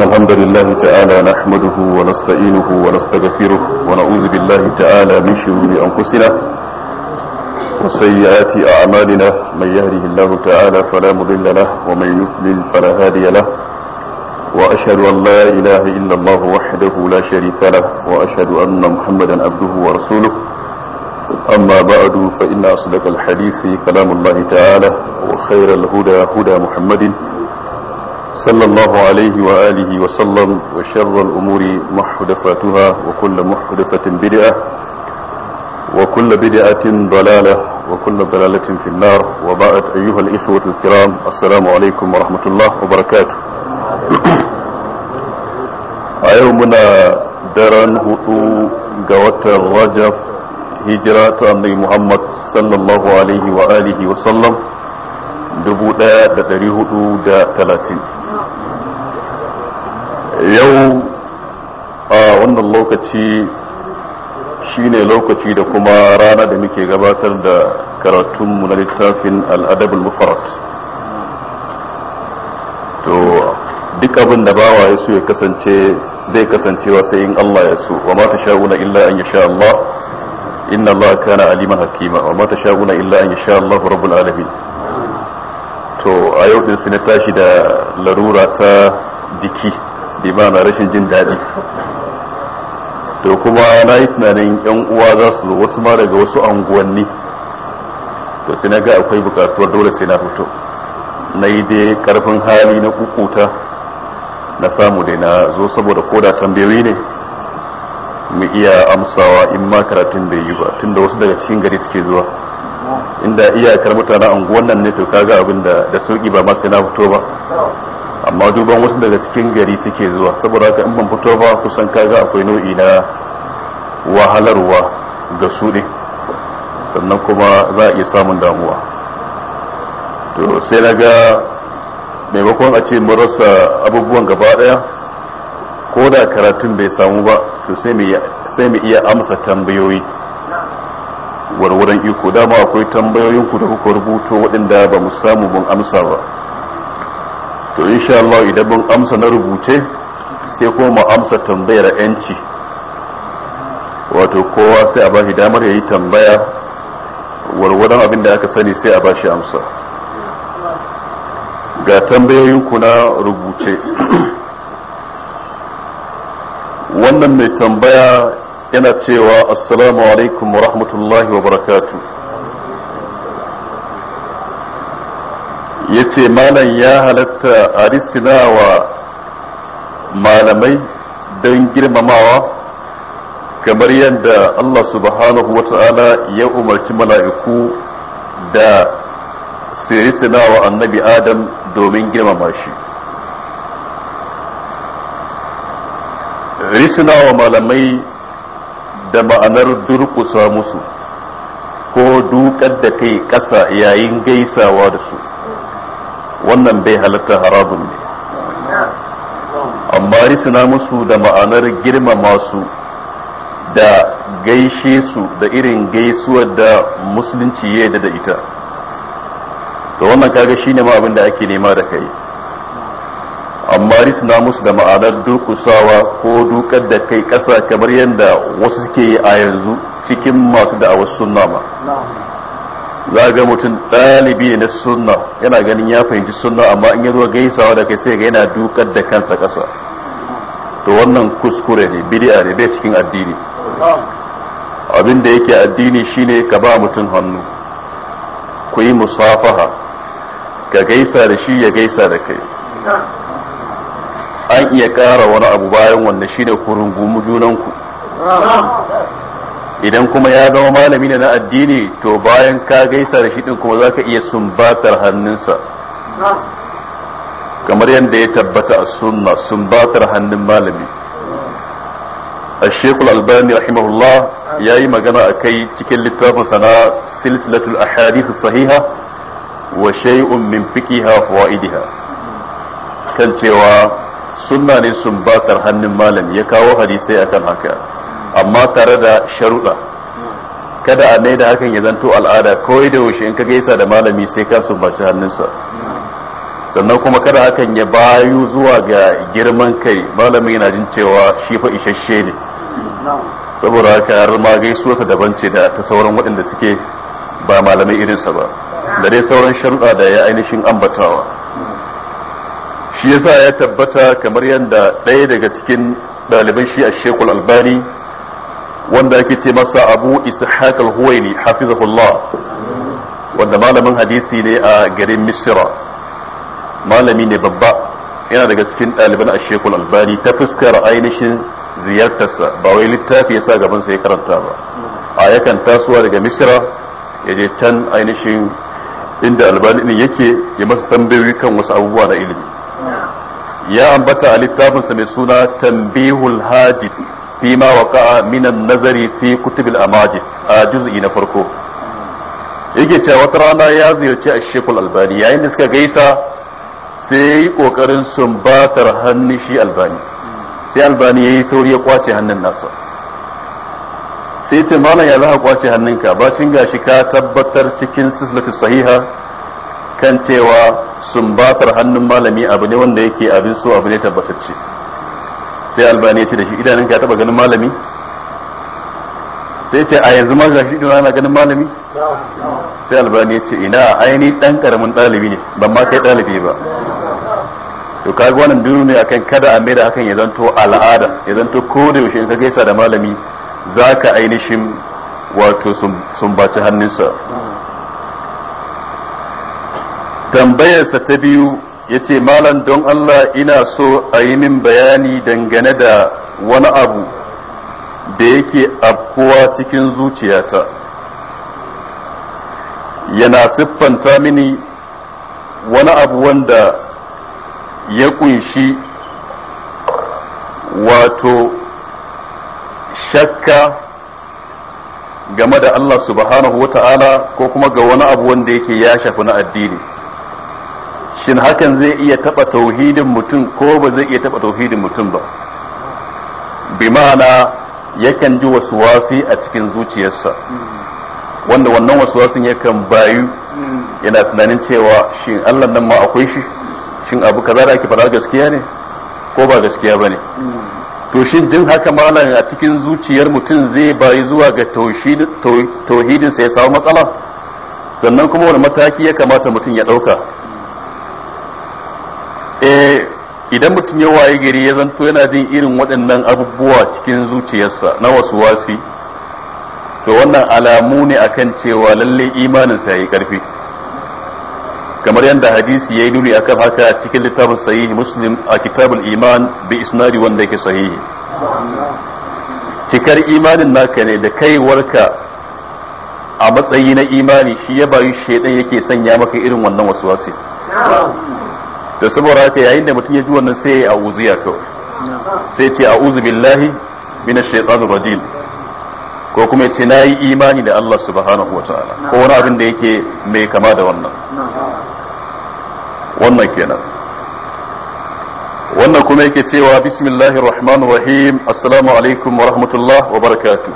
إن الحمد لله تعالى نحمده ونستعينه ونستغفره ونعوذ بالله تعالى من شرور أنفسنا وسيئات أعمالنا من يهده الله تعالى فلا مضل له ومن يضلل فلا هادي له وأشهد أن لا إله إلا الله وحده لا شريك له وأشهد أن محمدا عبده ورسوله أما بعد فإن أصدق الحديث كلام الله تعالى وخير الهدى هدى محمد صلى الله عليه وآله وسلم وشر الأمور محدثاتها وكل محدثة بدعة وكل بدعة ضلالة وكل ضلالة في النار وباءت أيها الإخوة الكرام السلام عليكم ورحمة الله وبركاته يومنا درن هدو قوات الرجب هجرات النبي محمد صلى الله عليه وآله وسلم دبو دا دا دا دا yau a wannan lokaci shi ne lokaci da kuma rana da muke gabatar da karatunmu na littafin al'adabul mufarat to duk abin da bawa ya su ya kasance zai kasancewa sai in Allah ya so wa mata sha'una illa an sha Allah inna Allah kana aliman hakima wa mata sha'una illa an sha Allah rabbul alamin to a yau din na tashi da larura ta jiki bi na rashin jin daɗi to kuma na yi tunanin yan uwa za su zo wasu ma daga wasu anguwanni to sai na ga akwai bukatuwar dole sai na fito na yi dai karfin hali na kukuta na samu dai na zo saboda koda tambayoyi ne mu iya amsawa in ma karatun bai yi ba tunda wasu daga cikin gari suke zuwa inda iyakar mutanen anguwan nan ne to kaga abin da da sauki ba ma sai na fito ba amma duban wasu daga cikin gari suke zuwa saboda haka in ban fito ba kusan kaga akwai nau'i na wahalarwa ga su sannan kuma za a iya samun damuwa to sai na ga maimakon a ce marasa abubuwan gaba daya ko da karatun bai samu ba to sai mu iya amsa tambayoyi warwaran iko dama akwai tambayoyinku da kuka rubuto waɗanda ba mu samu mun amsa ba to insha Allah idan mun amsa na rubuce sai kuma mu amsa tambayar yanci wato kowa sai a ba shi damar yayi tambaya warwaran abin da aka sani sai a ba shi amsa ga tambayoyin ku na rubuce wannan mai tambaya yana cewa assalamu alaikum wa rahmatullahi wa barakatuh ya ce malam ya halatta a malamai don girmamawa kamar yadda Allah subhanahu wata'ala ya umarci mala'iku da sirisina wa annabi adam domin girmama shi risina wa malamai da ma'anar durkusa musu ko dukar da kai ƙasa yayin gaisawa da su wannan bai halatta harabun ne amma suna musu da ma'anar girmama su da gaishe su da irin gaisuwar da musulunci ya da ita to wannan kaga shine ma abin da ake nema da kai amma suna musu da ma'anar durkusawa ko dukar da kai ƙasa kamar yadda wasu suke yi a yanzu cikin masu da'awar sunna ma za ga mutum ɗalibi na sunna yana ganin ya fahimci sunna amma in ya zo gaisawa da kai sai ga yana dukar da kansa ƙasa to wannan kuskure ne bid'a ne bai cikin addini abin da yake addini shine ka ba mutum hannu ku yi musafaha ka gaisa da shi ya gaisa da kai an iya ƙara wani abu bayan wannan shine ku rungumu junanku idan kuma ya zama malami ne na addini to bayan ka gaisa da shi din kuma zaka iya sumbatar hannunsa kamar yadda ya tabbata a sunna sumbatar hannun malami الشيخ الألباني رحمه الله ياي cikin أكي تكل silsilatul سلسلة sahiha wa وشيء من فقهها فوائدها kan cewa sunna ne sumbatar hannun malami ya kawo hadisai akan haka amma tare da sharuɗa kada a da hakan ya zanto al'ada kawai da yaushe in ka gaisa da malami sai ka sumbaci hannunsa sannan kuma kada hakan ya bayu zuwa ga girman kai malami yana jin cewa shi fa isasshe ne saboda haka har ma gaisuwarsa daban ce da ta sauran waɗanda suke ba malamai irinsa ba da dai sauran sharuɗa da ya ainihin ambatawa shi yasa ya tabbata kamar yadda ɗaya daga cikin ɗaliban shi a shekul albani wanda ake ce masa abu ishaq al-huwaini hafizahullah wanda malamin hadisi ne a garin misra malami ne babba yana daga cikin ɗaliban a shekul albani ta fuskar ainihin ziyartarsa ba wai littafi ya sa gaban sa ya karanta ba a yakan tasowa daga misra ya je can ainihin inda albani din yake ya masa tambayoyi kan wasu abubuwa na ilimi ya ambata a littafinsa mai suna tambihul hajji fi ma waqa'a min an-nazari fi kutubil amajid a juz'i na farko yake cewa wata rana ya ziyarci a shekul albani yayin da suka gaisa sai ya yi ƙoƙarin sumbatar hannun shi albani sai albani ya yi sauri ya kwace hannun nasa sai ce malam ya za kwace hannunka bacin gashi ka tabbatar cikin sislatu sahiha kan cewa sumbatar hannun malami abu ne wanda yake abin so abu ne tabbatacce sai albani ya ce da shi idanun ka taba ganin malami sai ce a yanzu ma shi idan ana ganin malami sai albani ya ce ina aini dan karamin dalibi ne ban ma kai dalibi ba to kaga wannan duru ne akan kada a mai da hakan ya zanto al'ada ya zanto ko da yaushe in ka gaisa da malami zaka ainihin wato sumbaci hannunsa tambayarsa ta biyu yace malam don Allah ina so a yi min bayani dangane da wani abu da yake kowa cikin zuciyata yana siffanta mini wani abu wanda ya kunshi wato shakka game da Allah subhanahu wa ta'ala ko kuma ga wani abu wanda yake ya shafi na addini shin hakan zai iya taba tauhidin mutum ko ba zai iya taba tauhidin mutum ba bi ma'ana yakan ji wasu wasi a cikin zuciyarsa wanda wannan wasu wasin yakan bayu yana tunanin cewa shin Allah nan ma akwai shi shin abu kaza da ake faɗa gaskiya ne ko ba gaskiya bane to shin jin haka malam a cikin zuciyar mutum zai bayi zuwa ga tauhidin sa ya samu matsala sannan kuma wani mataki ya kamata mutum ya ɗauka eh idan mutum ya waye gari ya zanto yana jin irin waɗannan abubuwa cikin zuciyarsa na wasu wasi to wannan alamu ne akan cewa lalle imaninsa yayi karfi kamar yadda hadisi yayi nuni akan haka cikin littafin sahihi muslim a kitabul iman bi isnadi wanda yake sahihi cikar imanin naka ne da kaiwarka a matsayi na imani shi ya bayu shaidan yake sanya maka irin wannan wasu wasi da saboda haka yayin da mutum ya ji wannan sai ya auziya kawai sai ce a uzu billahi minash shaitanir rajim ko kuma ya ce nayi imani da Allah subhanahu wataala ko wani abin da yake mai kama da wannan wannan kenan wannan kuma yake cewa bismillahir rahmanir rahim assalamu alaikum wa rahmatullah wa barakatuh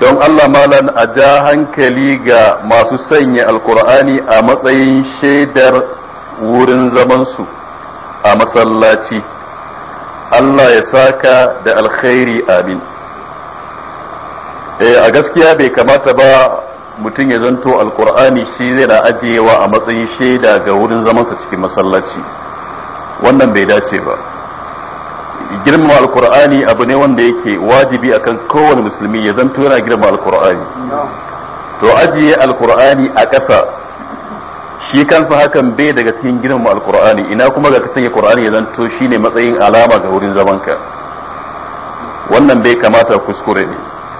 don Allah malan a ja hankali ga masu sanya alkur'ani a matsayin shaidar wurin zamansu a masallaci Allah ya saka da alkhairi amin e, a gaskiya bai kamata ba mutum ya zanto alkur'ani shi zai na ajiyewa a matsayin shaida ga wurin zamansa cikin masallaci wannan bai dace ba girmama alkur'ani abu ne wanda yake wajibi akan kowane musulmi ya zanto yana girmama alkur'ani to ajiye alkur'ani a ƙasa shi kansa hakan bai daga cikin mu alkur'ani ina kuma ga sanya qur'ani ya zanto shine matsayin alama ga wurin zaman ka wannan bai kamata kuskure ne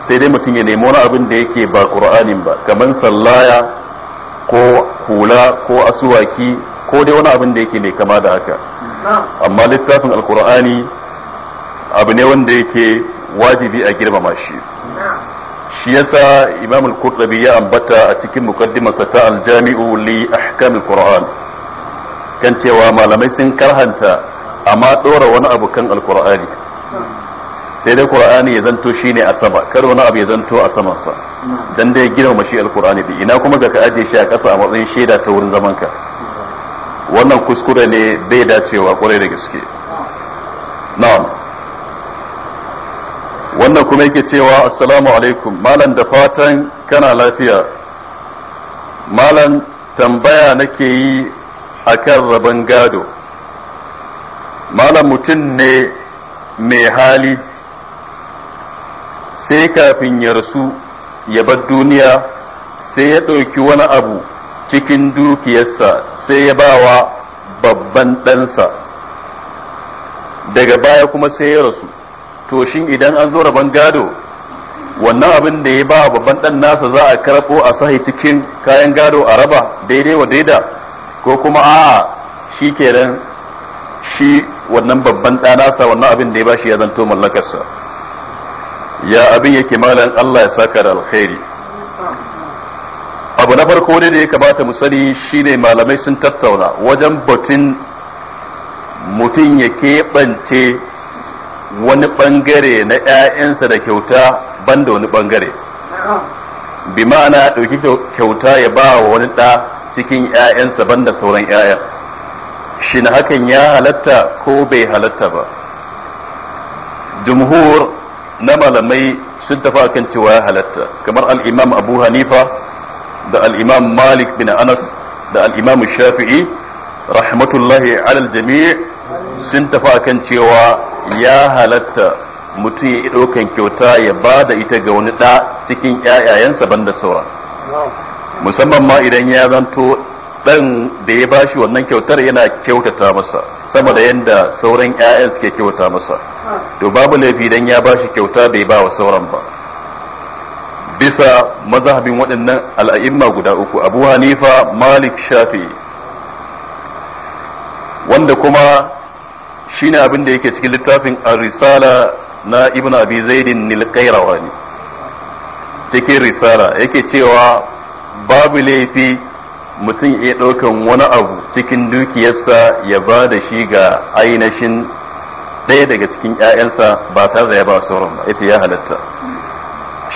sai dai mutum ya nemi wani abin da yake ba qur'anin ba kaman sallaya ko hula ko asuwaki ko dai wani abin da yake mai kama da haka amma littafin alkur'ani abu ne wanda yake wajibi a girmama shi shi yasa imam al-qurtubi ya ambata a cikin mukaddimarsa ta al-jami'u li ahkam al-qur'an kan cewa malamai sun karhanta amma dora wani abu kan al-qur'ani sai dai qur'ani ya zanto shine a sama kar wani abu ya zanto a saman sa dan dai gina shi al-qur'ani bi ina kuma ga ka aje shi a kasa a matsayin shaida ta wurin zaman ka wannan kuskure ne bai dacewa kwarai da gaske na'am wannan kuma yake cewa assalamu alaikum malam da fatan kana lafiya malam tambaya nake yi a kan rabon gado malam mutum ne mai hali sai kafin ya rasu ya bar duniya sai ya ɗauki wani abu cikin dukiyarsa sai ya bawa babban ɗansa daga baya kuma sai ya rasu to shin idan an zo rabon gado wannan abin da ya ba babban dan nasa za a karɓo a sahi cikin kayan gado a raba daidai wa daida ko kuma a'a shi kenan shi wannan babban dan nasa wannan abin da ya bashi ya zanto mallakarsa ya abin yake malam Allah ya saka da alkhairi abu na farko ne da ya kamata mu sani shine malamai sun tattauna wajen batun mutum ya keɓance wani bangare na ƴaƴansa da kyauta banda wani bangare bi ma'ana ɗauki kyauta ya ba wa wani ɗa cikin ƴaƴansa banda sauran ƴaƴan na hakan ya halatta ko bai halatta ba jumhur na malamai sun tafi kan cewa ya halatta kamar alimam abu hanifa da alimam malik bin anas da al'imam shafi'i rahmatullahi alal jami'i sun tafi kan cewa ya halatta mutum ya ɗaukan kyauta ya ba da ita ga wani ɗa cikin ƴaƴayensa banda saura musamman ma idan ya zanto ɗan da ya bashi wannan kyautar yana kyautata masa sama da yadda sauran ƴaƴan suke kyauta masa to babu laifi idan ya bashi kyauta bai ba wa sauran ba bisa mazahabin waɗannan al'a'imma guda uku abu hanifa malik shafi wanda kuma shine abin da yake cikin littafin a risala na ibn abi zaidin nil ne. cikin risala yake cewa babu laifi mutum ya ɗaukan wani abu cikin dukiyarsa ya ba da shi ga ainihin ɗaya daga cikin 'ya'yansa ba tare da ya ba sauran ba ita ya halatta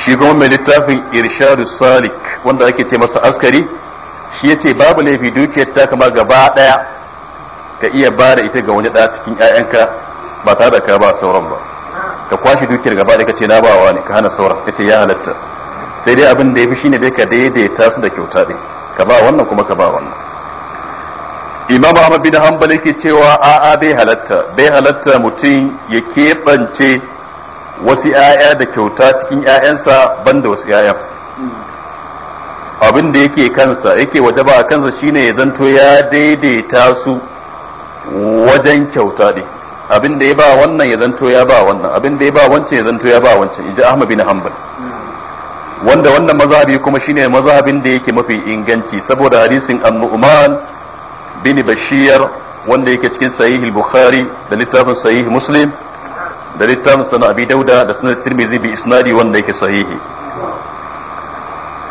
shi kuma mai littafin irshadu salik wanda ake ce masa askari shi ya ce babu laifi dukiyar ta kama gaba ɗaya ka iya ba da ita ga wani ɗa cikin ƴaƴanka ba tare da ka ba sauran ba ka kwashe dukiyar gaba da kace na ba wa ne ka hana sauran kace ya halatta sai dai abin da yafi shine dai ka daidaita su da kyauta din ka ba wannan kuma ka ba wannan imam ahmad bin hanbal yake cewa a'a bai halatta bai halatta mutum ya keɓance wasu ƴaƴa da kyauta cikin ƴaƴansa banda wasu ƴaƴan abin da yake kansa yake wajaba a kansa shine ya zanto ya daidaita su wajen kyauta ne abin da ya ba wannan ya zanto ya ba wannan abin da ya ba wancan ya zanto ya ba wancan inji Ahmad bin Hanbal wanda wannan mazhabi kuma shine mazhabin da yake mafi inganci saboda hadisin An-Nu'man bin Bashir wanda yake cikin Sahih al-Bukhari da littafin Sahih Muslim da littafin Sunan Abi Dauda da Sunan Tirmidhi bi isnadi wanda yake sahihi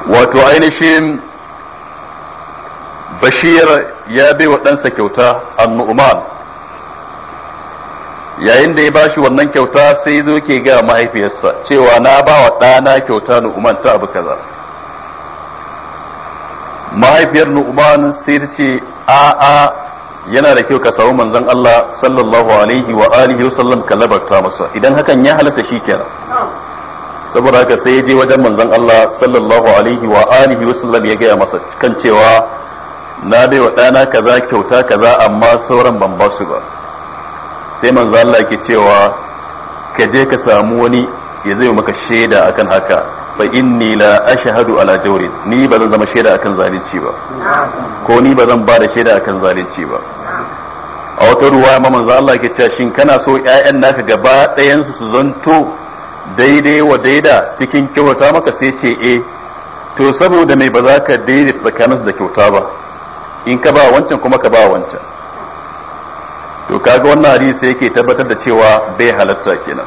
wato ainihin bashir ya bai wa ɗansa kyauta annu'man yayin da ya bashi wannan kyauta sai zo ke ga mahaifiyarsa cewa na ba wa ɗana kyauta nu'uman ta abu kaza mahaifiyar nu'uman sai ta ce a'a yana da kyau ka samu manzon Allah sallallahu alaihi wa alihi wa sallam ka labarta masa idan hakan ya halatta shi kenan saboda haka sai ya je wajen manzon Allah sallallahu alaihi wa alihi wa sallam ya gaya masa kan cewa na bai wa ɗana kaza kyauta kaza amma sauran ban ba su ba sai manzo Allah ke cewa ka je ka samu wani ya zai maka shaida akan haka fa inni la ashhadu ala jawrin ni ba zan zama shaida akan zalunci ba ko ni ba zan ba da shaida akan zalunci ba a wata ruwa ma manzo Allah ke cewa shin kana so ƴaƴan naka gaba ɗayan su zanto daidai wa daida cikin kyauta maka sai ce eh to saboda mai ba za ka daidaita tsakaninsu da kyauta ba in ka ba wancan kuma ka ba wancan to kaga wannan hadisi yake tabbatar da cewa bai halatta kenan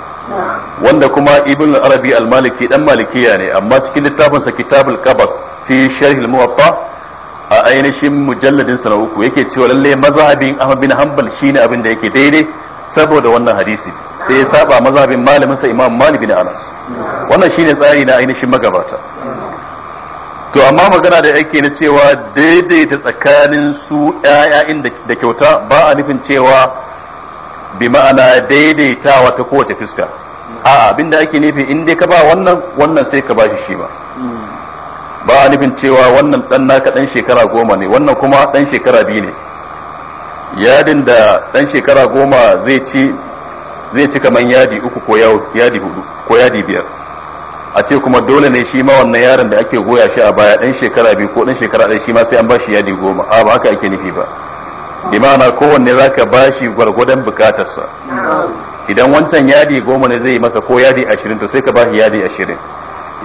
wanda kuma ibn arabi al-maliki dan malikiya ne amma cikin littafin sa kitabul qabas fi sharh al-muwatta a ainihin mujalladin sa na uku yake cewa lalle mazhabin ahmad bin hanbal shine abin da yake daidai saboda wannan hadisi sai ya saba mazhabin malamin sa imam malik bin anas wannan shine tsari na ainihin magabata to amma magana da yake na cewa daidaita tsakanin su ƴaƴa da kyauta ba a nufin cewa bi ma'ana daidaitawa ta kowace fuska a abinda ake nufi in dai ka ba wannan wannan sai ka bashi shi ba ba a nufin cewa wannan dan naka dan shekara goma ne wannan kuma dan shekara biyu ne yadin da dan shekara goma zai ci zai ci kaman yadi uku ko yadi hudu ko yadi biyar a ce kuma dole ne shi ma wannan yaron da ake goya shi a baya dan shekara biyu ko dan shekara ɗaya shi ma sai an ba shi yadi goma a ba haka ake nufi ba bi ma'ana kowanne zaka ba shi gwargwadon bukatarsa idan wancan yadi goma ne zai yi masa ko yadi ashirin to sai ka ba shi yadi ashirin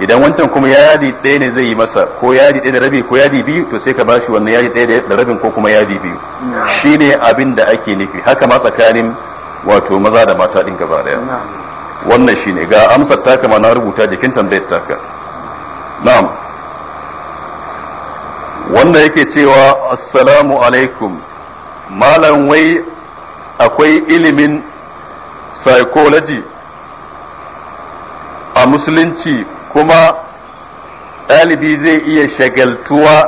idan wancan kuma yadi ɗaya ne zai yi masa ko yadi ɗaya da rabi ko yadi biyu to sai ka ba shi wannan yadi ɗaya da rabin ko kuma yadi biyu shine abin da ake nufi haka ma tsakanin wato maza da mata ɗin gaba ɗaya wannan shine ga amsar taka ma na rubuta jikin tambayar taka na'am wannan yake cewa assalamu alaikum malam wai akwai ilimin psychology a musulunci kuma ɗalibi zai iya shagaltuwa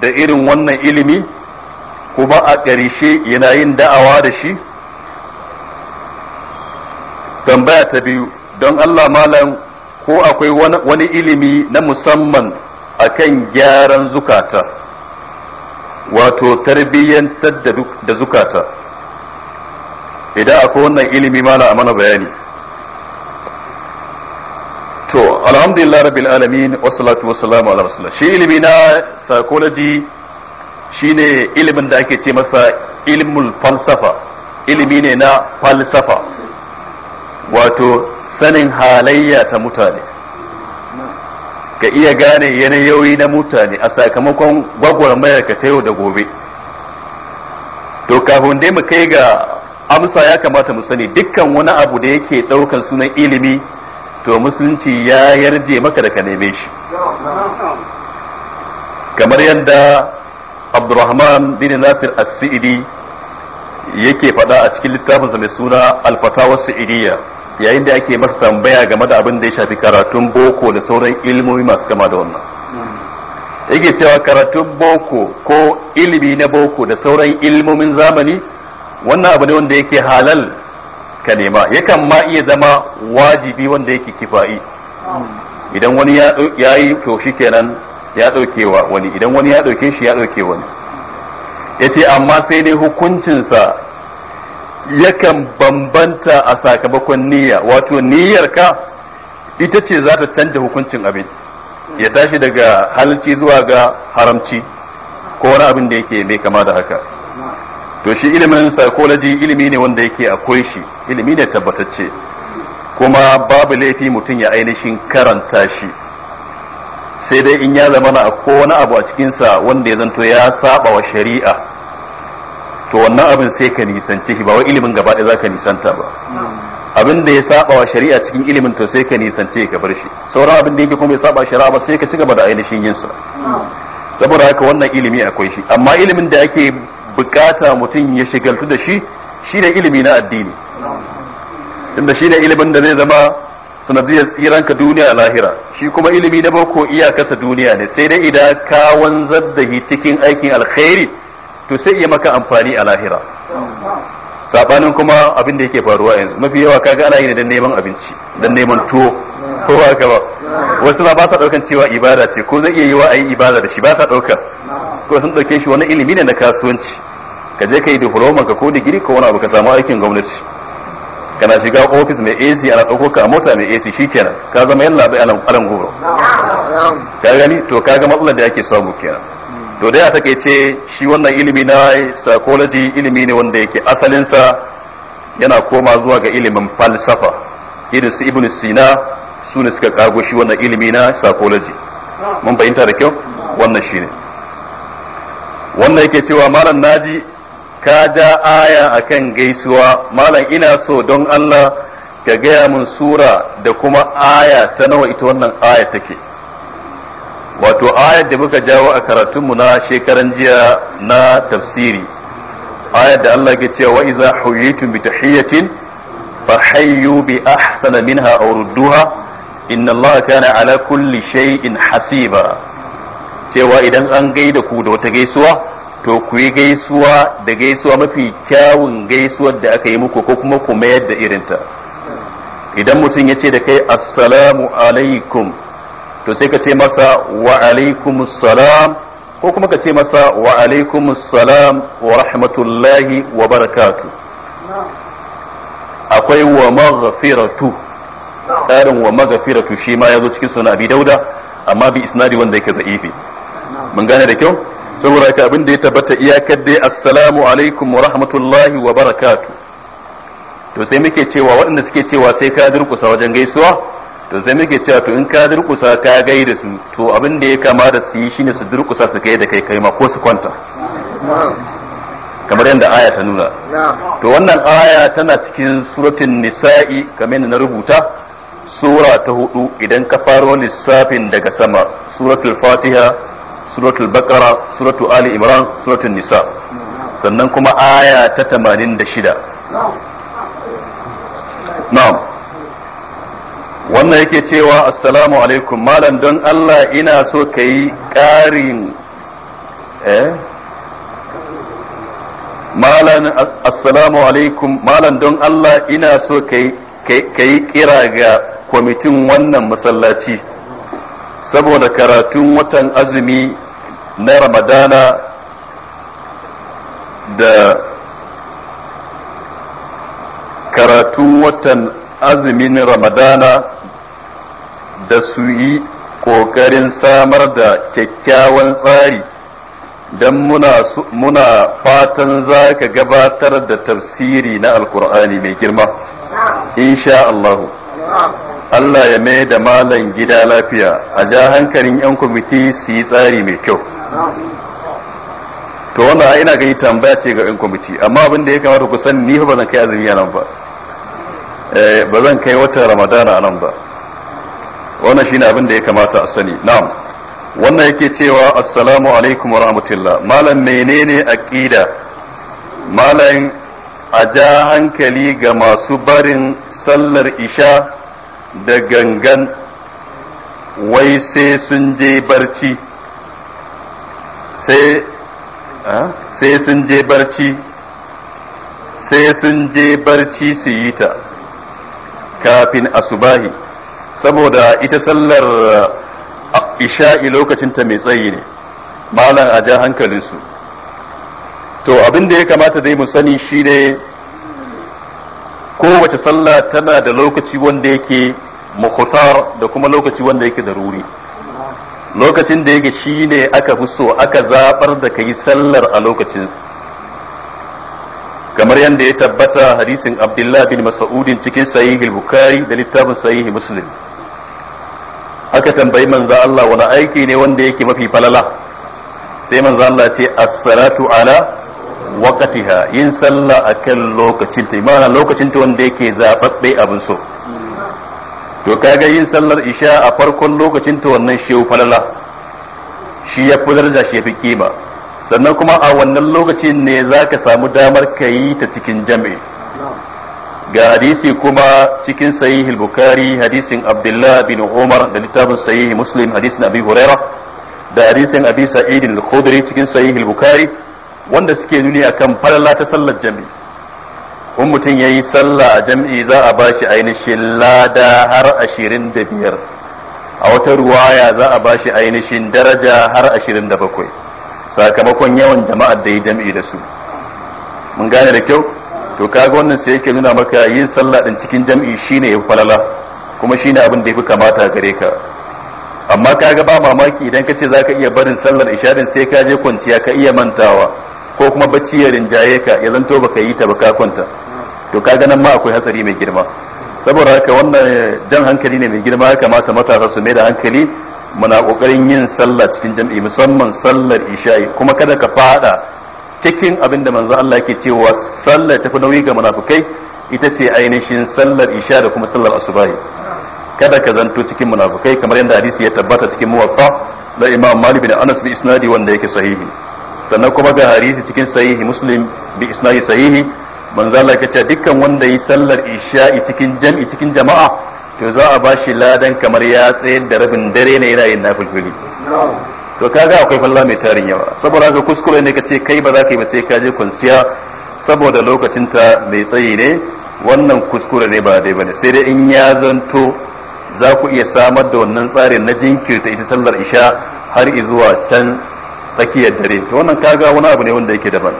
da irin wannan ilimi kuma a ƙarshe yana yin da'awa da shi tambaya ta biyu don Allah malam ko akwai wani ilimi na musamman a kan gyaran zukata wato tarbiyyantar da zukata idan akwai wannan ilimi mala a mana bayani to alhamdulillah rabbil alamin wassalatu wassalamu ala shi ilimi na psychology shine ilimin da ake ce masa ilmul falsafa ilimi ne na falsafa wato sanin halayya ta mutane ka iya gane yanayoyi na mutane a sakamakon gwagwarmaya ka ta yau da gobe to kafin dai mu kai ga amsa ya kamata mu sani dukkan wani abu da yake daukan sunan ilimi to musulunci ya yarje maka da ka neme shi kamar yadda abdurrahman bin nasir as-sidi yake faɗa a cikin littafinsa mai suna alfatawa sa'idiyya yayin da ake masa tambaya game da abin da ya shafi karatun boko da sauran ilmomi masu kama da wannan yake cewa karatun boko ko ilimi na boko da sauran ilmomin zamani wannan abu ne wanda yake halal ka nema yakan ma iya zama wajibi wanda yake kifa'i idan wani ya yi to shi kenan ya wa wani idan wani ya ɗauke shi ya ɗauke wani yace amma sai dai hukuncinsa yakan bambanta a sakamakon niyya wato niyyarka ita ce za ta canja hukuncin abin ya tashi daga halci zuwa ga haramci ko wani abin da yake mai kama da haka to shi ilimin psychology ilimi ne wanda yake akwai shi ilimi ne tabbatacce kuma babu laifi mutum ya ainihin karanta shi sai dai in ya zama na ko wani abu a cikinsa wanda ya zanto ya saba wa shari'a to wannan abin sai ka nisance shi ba wai ilimin gaba ɗaya zaka nisanta ba abin da ya saba wa shari'a cikin ilimin to sai ka nisance ka bar shi sauran abin da yake kuma ya saba shari'a ba sai ka ci gaba da ainihin yin sa saboda haka wannan ilimi akwai shi amma ilimin da ake bukata mutum ya shigaltu da shi shine ilimi na addini tunda shine ilimin da zai zama sanadiyar tsiran ka duniya a lahira shi kuma ilimi na bako iyakarsa duniya ne sai dai idan ka wanzar da cikin aikin alkhairi to sai iya maka amfani a lahira sabanin kuma abin da yake faruwa yanzu mafi yawa kaga ana yi dan neman abinci dan neman tuwo ko ba ba wasu ba sa daukan cewa ibada ce ko zai iya yi wa ayi ibada da shi ba sa dauka ko sun dauke shi wani ilimi ne na kasuwanci ka je kai diploma ka ko digiri ko wani abu ka samu aikin gwamnati kana shiga ofis mai AC ana dauko ka a mota mai AC shikenan ka zama yalla bai alan alan goro ka gani to kaga matsalar da ake samu kenan to dai a ce shi wannan ilimi na psychology ilimi ne wanda yake asalinsa yana koma zuwa ga ilimin falsafa irin su ibn sina su ne suka kago shi wannan ilimi na psychology mun bayyanta da kyau wannan shi ne. wannan yake cewa malam naji ka ja aya akan gaisuwa malam ina so don Allah ka gaya mun sura da kuma aya ta nawa ita wannan aya take wato ayar da muka jawo a karatun mu na shekaran jiya na tafsiri ayar da Allah ke cewa iza huyitum bi tahiyatin fa hayyu bi ahsana minha aw rudduha inna Allah kana ala kulli shay'in hasiba cewa idan an gaida ku da wata gaisuwa to ku yi gaisuwa da gaisuwa mafi kyawun gaisuwar da aka yi muku ko kuma ku mayar da irinta idan mutum ya ce da kai assalamu alaikum to sai ka ce masa wa alaikumus salam ko kuma ka ce masa wa alaikumus salam wa rahmatullahi wa barakatu akwai wa maghfiratu tsarin wa maghfiratu shi ma yazo cikin sunan abi dauda amma bi isnadi wanda yake za'ifi mun gane da kyau saboda ka abin da ya tabbata iyakar dai assalamu alaikum wa rahmatullahi wa barakatu to sai muke cewa waɗanda suke cewa sai ka durkusa wajen gaisuwa to sai muke cewa to in ka durkusa ka gaida su to abin da ya kama da su yi shine su durkusa su gaida kai kai ma ko su kwanta kamar yadda aya ta nuna to wannan aya tana cikin suratul nisa'i kamar na rubuta sura ta hudu idan ka faro lissafin daga sama suratul fatiha suratul baqara suratul ali imran suratul nisa sannan kuma aya ta 86 na'am wannan yake cewa assalamu alaikum malam don Allah ina so ka yi ƙarin eh? malam assalamu alaikum malam don Allah ina so ka yi kira ga kwamitin wannan masallaci saboda karatun watan azumi na ramadana da karatun watan azumin ramadana da su yi ƙoƙarin samar da kyakkyawan tsari don muna fatan za ka gabatar da tafsiri na alkur'ani mai girma insha Allahu Allah ya mai da malan gida lafiya a ja hankalin 'yan kwamiti su yi tsari mai kyau to wanda ina gani tambaya ce ga 'yan kwamiti amma abin da ya kamata ku sani ni ba zan kai azumi nan ba Eh, ba zan kai watan ramadana a nan ba wannan shine abin da ya kamata a sani na'am wannan yake cewa assalamu alaikum wa rahmatullah malam menene aqida malam a ja hankali ga masu barin sallar isha da gangan wai sai sun je barci sai sun je barci sai sun je barci su yi ta kafin asubahi saboda ita sallar isha'i lokacinta mai tsayi ne malam a ja hankalinsu to abin da ya kamata dai mu sani shine kowace sallah tana da lokaci wanda yake mukhtar da kuma lokaci wanda yake da ruri lokacin da yake shine aka fi so aka zabar da kai sallar a lokacin kamar yadda ya tabbata hadisin Abdullahi bin mas'udin cikin al bukhari da littafin sahihi muslim aka tambayi manzo Allah wani aiki ne wanda yake mafi falala sai manzo Allah ce as-salatu ala waqtiha yin sallah akan lokacin ta imana lokacin ta wanda yake zababbe abin so to kaga yin sallar isha a farkon lokacin ta wannan shehu falala shi ya fi daraja shi ya fi kima sannan kuma a wannan lokacin ne za ka samu damar ka yi ta cikin jam'i ga hadisi kuma cikin sahihul bukari hadisin abdullah bin umar da littafin sahihi muslim hadisin abi huraira da hadisin abi sa'id al-khudri cikin sahihul bukari wanda suke nuni akan falala ta sallar jami'i in mutum yayi sallah a jam'i za a ba shi ainihin lada har ashirin da biyar. a wata ruwaya za a ba shi ainihin daraja har ashirin da bakwai. sakamakon yawan jama'ar da ya jam'i da su mun gane da kyau to kaga wannan sai yake nuna maka yin sallah din cikin jam'i shine yafi falala kuma shine abin da yafi kamata gare ka amma kaga ba mamaki idan kace zaka iya barin sallar isha din sai ka je kwanciya ka iya mantawa ko kuma bacci ya rinjaye ka ya zanto baka yi ta ba kwanta to kaga nan ma akwai hatsari mai girma saboda haka wannan eh, jan hankali ne mai girma ya kamata matasa su mai da hankali muna kokarin yin sallah cikin jam'i musamman sallar isha'i kuma kada ka fada cikin abin da manzo Allah yake cewa sallar tafi nauyi ga munafikai ita ce ainihin sallar isha da kuma sallar asubahi kada ka zanto cikin munafikai kamar yadda hadisi ya tabbata cikin muwatta da imam malik bin anas bi isnadi wanda yake sahihi sannan kuma ga hadisi cikin sahihi muslim bi isnadi sahihi manzo Allah yake cewa dukkan wanda yi sallar isha'i cikin jam'i cikin jama'a to za a bashi ladan kamar ya tsayar da rabin dare ne yana yin nafilfili to kaga akwai falla mai tarin yawa saboda haka kuskure ne ce kai ba za ka yi ba sai ka je kwanciya saboda lokacin ta mai tsayi ne wannan kuskure ne ba dai bane sai dai in ya zanto za ku iya samar da wannan tsarin na jinkirta ita sallar isha har zuwa can tsakiyar dare to wannan kaga wani abu ne wanda yake daban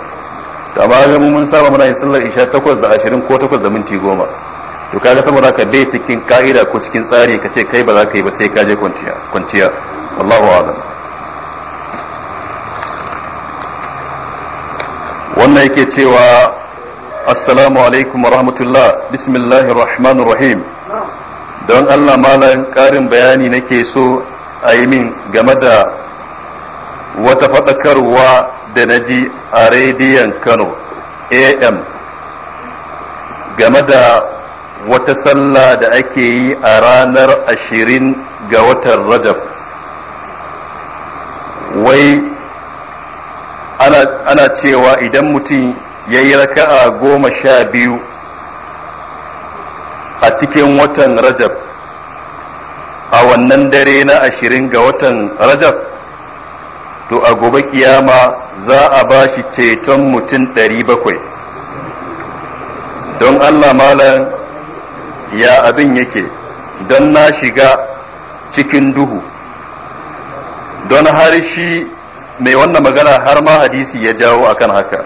to amma mun saba muna yin sallar isha 8 da 20 ko 8 da minti 10 to kaga saboda ka bai cikin ka'ida ko cikin tsari ka ce kai ba za ka yi ba sai ka je kwanciya kwanciya wallahu a'lam wannan yake cewa assalamu alaikum wa rahmatullah bismillahir rahmanir rahim don Allah malamin karin bayani nake so a yi min game da wata fadakarwa da na ji a rediyon Kano AM game da wata sallah da ake yi a ranar ashirin ga watan rajab wai ana cewa idan mutum ya yi raka'a goma sha biyu a cikin watan rajab a wannan dare na ashirin ga watan rajab to a gobe kiyama za a ba shi ceton mutum ɗari bakwai don allah malam ya abin yake don na shiga cikin duhu don har shi mai wannan magana har ma hadisi ya jawo akan haka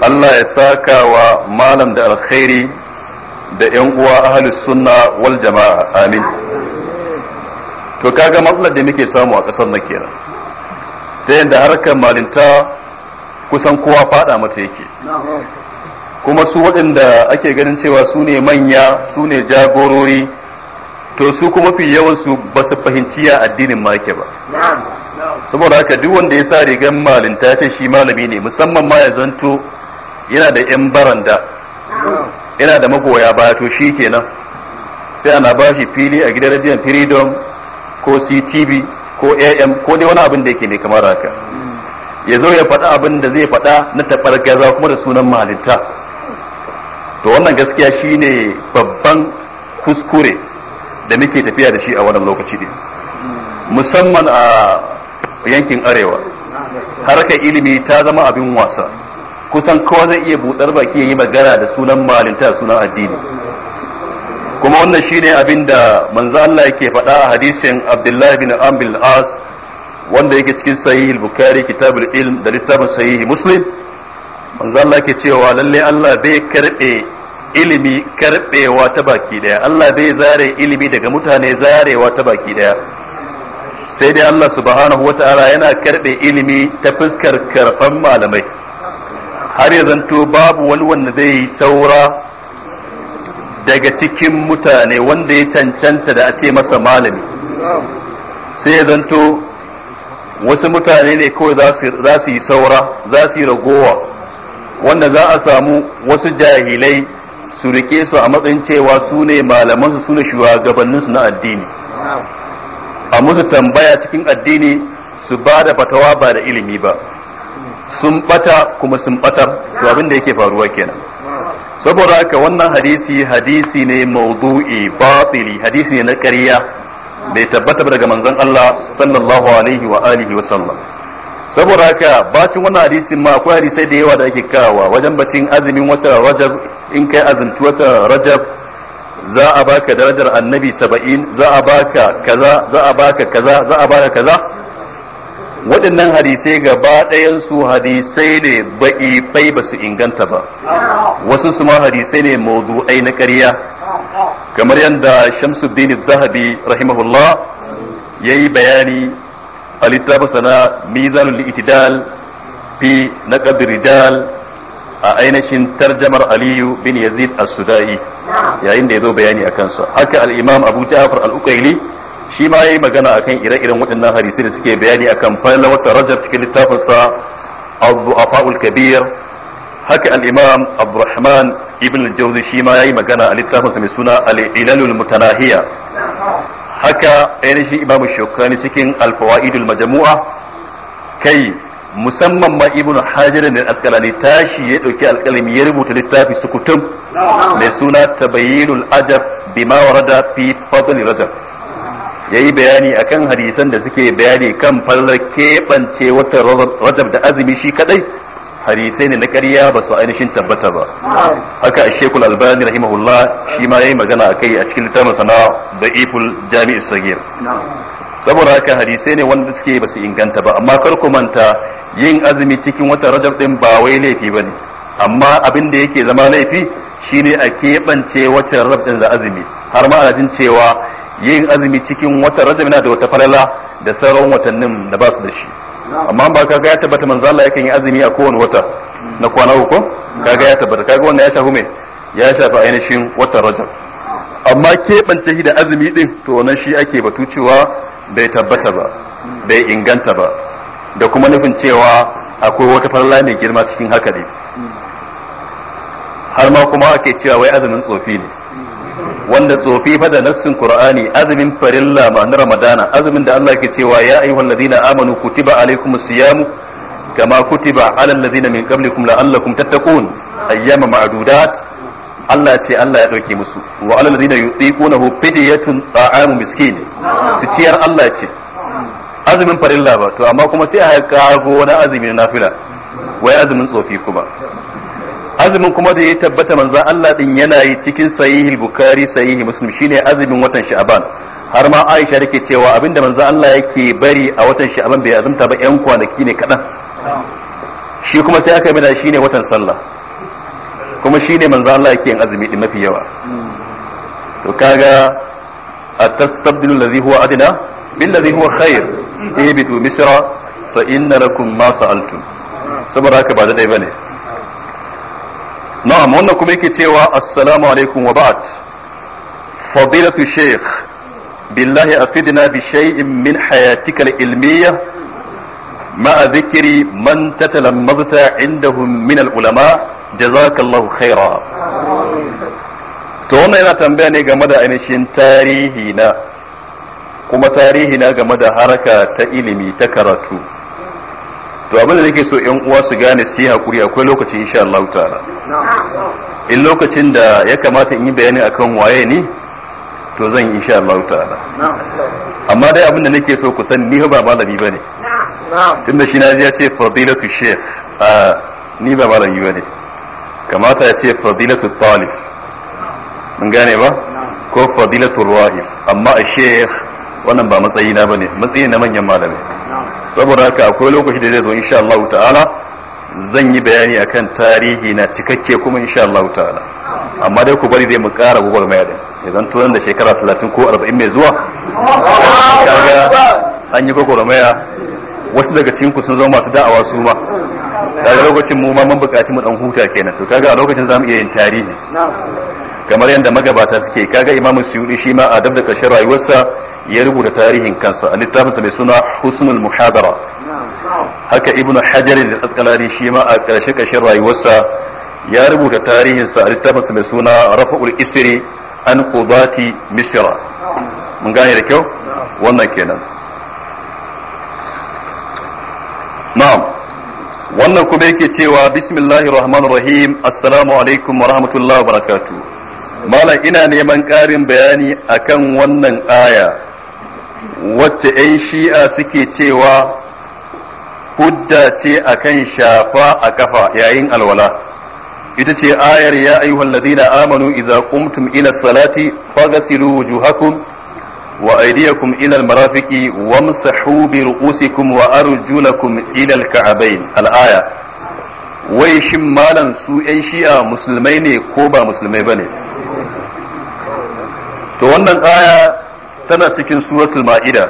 Allah ya saka wa malam da alkhairi da 'yan uwa ahalus sunna wal jama'a amin to kaga matsalar da muke samu a ƙasar nan kenan ta yadda harkar malinta kusan kowa fada mata yake kuma su waɗanda ake ganin cewa su ne manya su ne jagorori to su kuma fi yawansu ba su fahimci ya addinin make ba saboda haka duk wanda ya sa rigar malinta ce shi malami ne musamman ma ya zanto yana da 'yan baranda yana da magoya baya to shi kenan sai ana ba shi fili a gidan radiyon freedom ko ctv ko am ko dai wani abin da yake mai kamar haka mm. ya zo ya faɗa abin da zai faɗa na taɓar gaza kuma da sunan malinta to wannan gaskiya shine babban kuskure da muke tafiya da shi a wannan lokaci ne musamman a yankin arewa harkar ilimi ta zama abin wasa kusan kowa zai iya buɗar baki ya yi magana da sunan malinta sunan addini kuma wannan shine abin da manzo Allah yake faɗa a hadisin Abdullah bin Amr as wanda yake cikin sahih al-Bukhari kitabul ilm da littafin sahih Muslim manzo Allah ke cewa lalle Allah bai karbe ilimi karbewa ta baki daya Allah bai zare ilimi daga mutane zarewa ta baki daya sai dai Allah subhanahu wata'ala yana karbe ilimi ta fuskar karfan malamai har ya zanto babu wani wanda zai yi saura daga cikin mutane wanda ya cancanta da a ce masa malami sai ya zanto wasu mutane ne kawai za su yi saura za su yi ragowa wanda za a samu wasu jahilai su rike su a matsayin cewa su ne malamansu su ne shugabanninsu na addini a musu tambaya cikin addini su ba da fatawa ba da ilimi ba sun bata kuma sun bata to abin da yake faruwa kenan saboda haka wannan hadisi hadisi ne maudu'i batili hadisi ne na ƙarya bai tabbata daga manzon Allah sallallahu alaihi wa alihi wa sallam saboda haka bacin wannan hadisin ma akwai hadisai da yawa da ake kawa wajen bacin azumin wata rajab in kai azumci wata rajab za a baka darajar annabi saba'in za a baka kaza za a baka kaza za a baka kaza waɗannan hadisai gaba ɗayansu hadisai ne bai ba su inganta ba wasu su ma hadisai ne ai na ƙarya kamar yadda shamsuddin zahabi rahimahullah ya yi bayani a littafinsa na mizanul itidal fi na ridal a ainihin tarjamar aliyu bin yazid as-sudai yayin da ya zo bayani a kansa haka al-imam abu ja'far al-uqayli shi ma yayi magana akan ire-iren waɗannan hadisi da suke bayani akan fa'ila wata rajab cikin littafinsa al-du'afa'ul kabir haka al-imam abdurrahman ibn al-jawzi shi ma yayi magana a littafinsa mai suna al-ilalul mutanahiya haka ainihin imamu shokani cikin alfawaidul majmu'a kai musamman ma ibn hajar da alkalani tashi ya dauki alkalami ya rubuta littafi sukutum mai suna tabayyinul ajab bima warada fi fadl rajab yayi bayani akan hadisan da suke bayani kan fallar keɓance watan rajab da azumi shi kadai hadisai ne na ƙarya ba su ainihin tabbata ba haka a shekul albani rahimahullah shi ma yi magana a kai a cikin littafin sana da ifil jami'is sagir saboda haka hadisai ne wanda suke ba su inganta ba amma kar manta yin azumi cikin wata rajab din ba wai laifi ba ne amma abin da yake zama laifi shine a keɓance wata rajab din da azumi har ma ana jin cewa yin azumi cikin wata rajab na da wata falala da sauran watannin da ba su da shi amma ba kaga ya tabbata manzo Allah yakan yi azumi a kowane wata na kwana uku kaga ya tabbata kaga wannan ya shafi me ya shafi ainihin watan Rajab amma keɓance shi da azumi din to nan shi ake batu cewa bai tabbata ba bai inganta ba da kuma nufin cewa akwai wata farla mai girma cikin haka ne har ma kuma ake cewa wai azumin tsofi ne wanda tsofi fa da nassin qur'ani azumin farilla ma na ramadana azumin da Allah ke cewa ya ayyuhal ladina amanu kutiba alaikumus siyamu kama kutiba alal ladina min qablikum la'allakum tattaqun ayyama ma'dudat Allah ce Allah ya dauke musu wa alal ladina yutiqunahu fidyatun ta'amu miskin su ciyar Allah ce azumin farilla ba to amma kuma sai a kago wani azumin na nafila wai azumin tsofi kuma azumin kuma da ya tabbata manzan Allah din yana yi cikin sahihul bukari sahihi muslim shine azumin watan sha'ban har ma aisha take cewa abinda manzan Allah yake bari a watan sha'ban bai azumta ba yan kwanaki ne kadan shi kuma sai aka bada shine watan sallah kuma shine manzan Allah yake yin azumi din mafi yawa to kaga atastabdilu alladhi huwa adna bil ladhi huwa khair ihbitu misra fa inna lakum ma sa'altum saboda haka ba da dai bane na'am wannan kuma yake cewa assalamu alaikum wa ba'd fadilatu sheikh billahi afidna bi shay'in min hayatika al-ilmiyya ma'a ذكر من تتلمذت عندهم من العلماء جزاك الله خيرا to wannan yana tambaya ne game da ainihin tarihi kuma tarihi na game da haraka ta ilimi ta karatu to abin da nake so yan uwa su gane su hakuri akwai lokaci insha Allah ta'ala in lokacin da ya kamata in yi bayani akan waye ne to zan insha Allah ta'ala amma dai abin da nake so ku sani ni ba malami bane tunda shi ji ya ce fadilatu sheikh a ni ba malami bane kamata ya ce fadilatu talib mun gane ba ko fadilatu rahib amma a sheikh wannan ba matsayi na bane matsayi na manyan malamai saboda haka akwai lokaci da zai zo insha Allah ta'ala zan yi bayani akan tarihi na cikakke kuma insha Allah ta'ala amma dai ku bari zai mu ƙara gubar mai da idan to da shekara 30 ko 40 mai zuwa kaga an yi gubar maya wasu daga cikin ku sun zama masu da'awa su ma daga lokacin mu ma mun buƙaci mu dan huta kenan to kaga a lokacin zamu iya yin tarihi kamar yadda magabata suke kaga imamu suyudi shi ma a dab da ƙarshen rayuwarsa ya rubuta tarihin kansa a littafinsa mai suna husnul muhadara haka ibn hajar da tsaskalani shi ma a ƙarshe ƙarshen rayuwarsa ya rubuta tarihinsa a littafinsa mai suna rafa'ul isri an qudati misra mun gane da kyau wannan kenan na'am wannan kuma yake cewa bismillahir rahmanir rahim assalamu alaikum wa rahmatullahi malam ina neman ƙarin bayani akan wannan aya wacce 'yan shi'a suke cewa hudda ce akan shafa a kafa yayin alwala ita ce ayar ya ayyuhal ladina amanu idza qumtum ila salati faghsilu wujuhakum wa aydiyakum ila almarafiqi wamsahu bi ru'usikum wa arjulakum ila alka'bayn al-aya wai shin malan su 'yan shi'a musulmai ne ko ba musulmai bane to wannan aya tana cikin suratul ma'ida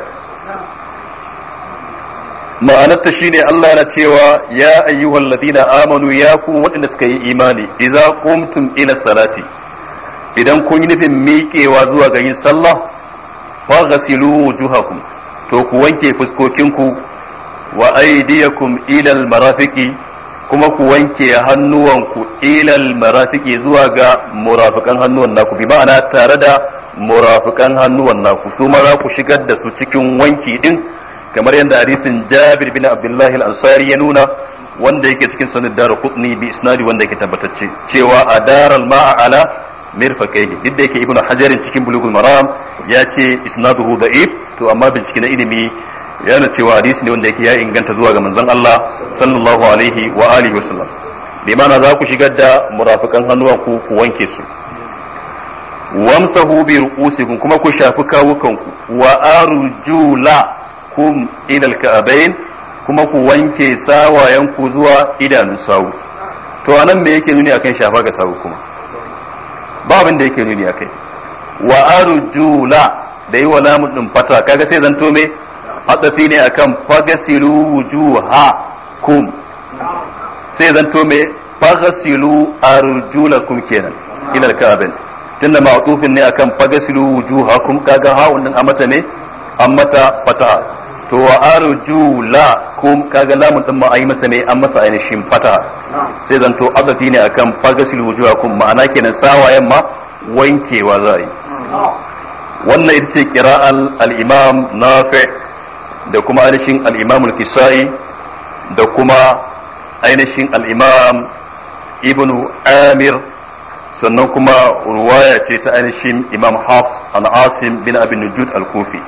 ma'anarta shine Allah na cewa ya ayyuhal ladina amanu ya ku waɗanda suka yi imani idza qumtum ila salati idan kun yi nufin miƙewa zuwa ga yin sallah fa ghasilu wujuhakum to ku wanke fuskokinku wa aydiyakum ila al marafiqi kuma ku wanke hannuwanku ilal marafiki zuwa ga murafikan hannuwan naku bi ma'ana tare da murafikan hannuwan naku su ma za ku shigar da su cikin wanki din kamar yadda hadisin Jabir bin Abdullahi al-Ansari ya nuna wanda yake cikin sunan Darqutni bi isnadi wanda yake tabbatacce cewa adaral ma'a ala mirfaqaihi duk da yake ibnu hajarin cikin bulugul maram ya ce isnaduhu da'if to amma bincike na ilimi yana cewa hadisi ne wanda yake ya inganta zuwa ga manzon Allah sallallahu alaihi wa alihi wasallam bi ma'ana za ku shigar da murafikan hannuwa ku ku wanke su wamsahu bi ru'usikum kuma ku shafi kawukanku wa arjula kum ila al-ka'bayn kuma ku wanke sawayen ku zuwa idanun sawu to anan me yake nuni akan shafa ga sawu kuma babin da yake nuni akai wa arjula da yi wa lamun din fata kaga sai zanto me hadafi ne akan fagasilu wujuha kum sai to me fagasilu arjulakum kenan ila alka'abin tunda ma'tufin ne akan fagasilu kum kaga ha wannan amata ne amata fata to wa arjulakum kaga lamun din ma ayi masa ne an masa shin fata sai to adafi ne akan fagasilu kum ma'ana kenan sawayen ma wankewa zai wannan ita ce kiraan al-imam nafi' da kuma ainihin al al-kisai da kuma ainihin al Ibn ibnu amir sannan kuma ruwaya ce ta ainihin imam hafs alasim bin abin nujud al-kufi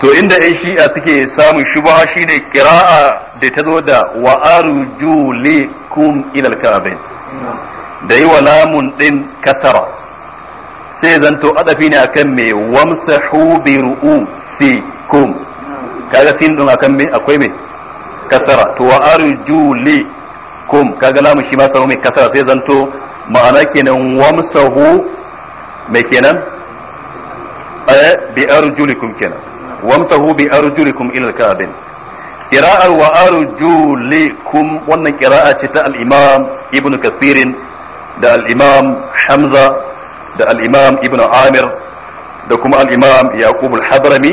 to inda yan shi'a suke samun shubha shine kira'a da ta zo da wa arjulikum ila al da yi wa lamun din kasara sai zanto adafi ne akan me wamsahu bi ru'usikum kaga sin din akan me akwai me kasara to wa kum kaga lamu shi ma sau me kasara sai zanto ma'ana kenan wamsahu me kenan eh bi arjulikum kenan wamsahu bi arjulikum ila al kabah qira'a wa arjulikum wannan qira'a ce ta al-imam ibnu kathirin da al-imam hamza da al'imam ibn amir da kuma al'imam yaqub al-hadrami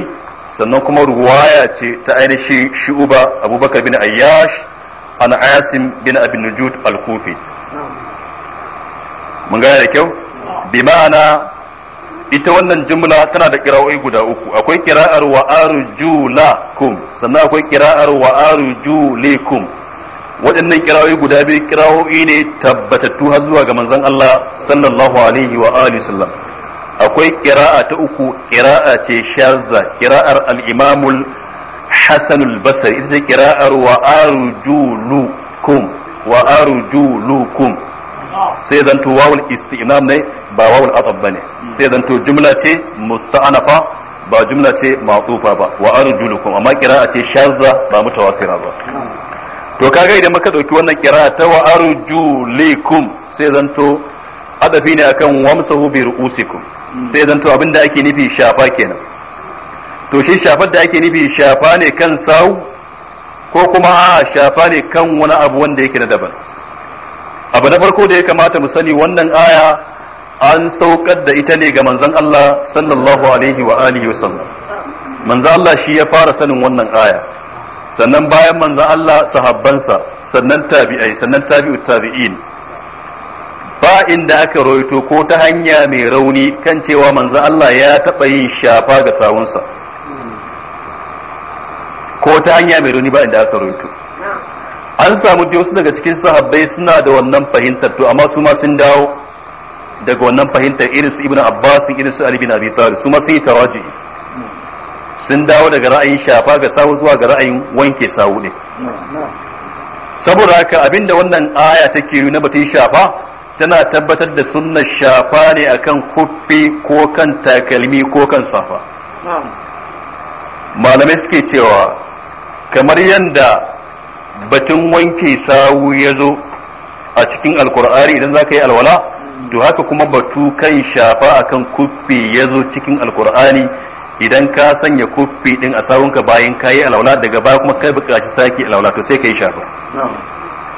sannan kuma ruwaya ce ta ainihin shi'uba abubakar bin ayyash an asim bin abin nujud al-kufi mun gane da kyau bi ma'ana ita wannan jumla tana da kira'o'i guda uku akwai kira'ar wa arjulakum sannan akwai kira'ar wa arjulikum waɗannan kirawoyi guda biyu kirawoyi ne tabbatattu har zuwa ga manzon Allah sallallahu alaihi wa alihi sallam akwai kira'a ta uku kira'a ce shazza kira'ar al-imamul hasan al-basri ita ce kira'ar wa arjulukum wa arjulukum sai zanto wawul istinam ne ba wawul atab bane sai zanto jumla ce musta'anafa ba jumla ce ma'tufa ba wa arjulukum amma kira'a ce shazza ba mutawatira ba to kaga idan muka dauki wannan kira ta wa likum sai zanto adafi ne akan wamsahu bi ru'usikum sai zanto abinda ake nufi shafa kenan to shi shafar da ake nufi shafa ne kan sau ko kuma a shafa ne kan wani abu wanda yake na daban abu na farko da ya kamata mu sani wannan aya an saukar da ita ne ga manzon Allah sallallahu alaihi wa alihi wasallam manzon Allah shi ya fara sanin wannan aya sannan bayan manzo Allah sahabbansa sannan tabi'ai sannan tabi'ut tabi'in ba inda aka roito ko ta hanya mai rauni kan cewa manzo Allah ya taba yin shafa ga sawunsa ko ta hanya mai rauni ba inda aka roito an samu dai wasu daga cikin sahabbai suna da wannan fahimtar to amma su ma sun dawo daga wannan fahimtar irin su ibnu abbas irin su ali bin abi talib su ma sun yi sun dawo daga ra'ayin shafa ga sawu zuwa ga ra'ayin wanke sawu ne saboda haka abinda wannan aya take nuna batun shafa tana tabbatar da sunna shafa ne akan kuffi ko kan takalmi ko kan safa malamai suke cewa kamar yadda batun wanke sawu ya zo a cikin alkur'ani idan za ka yi alwala to haka kuma batu kan shafa akan kuffi ya zo cikin alkur'ani idan ka sanya kuffi din a sawunka bayan kayi alaula daga baya kuma kai buƙaci saki alaula to sai kai shafa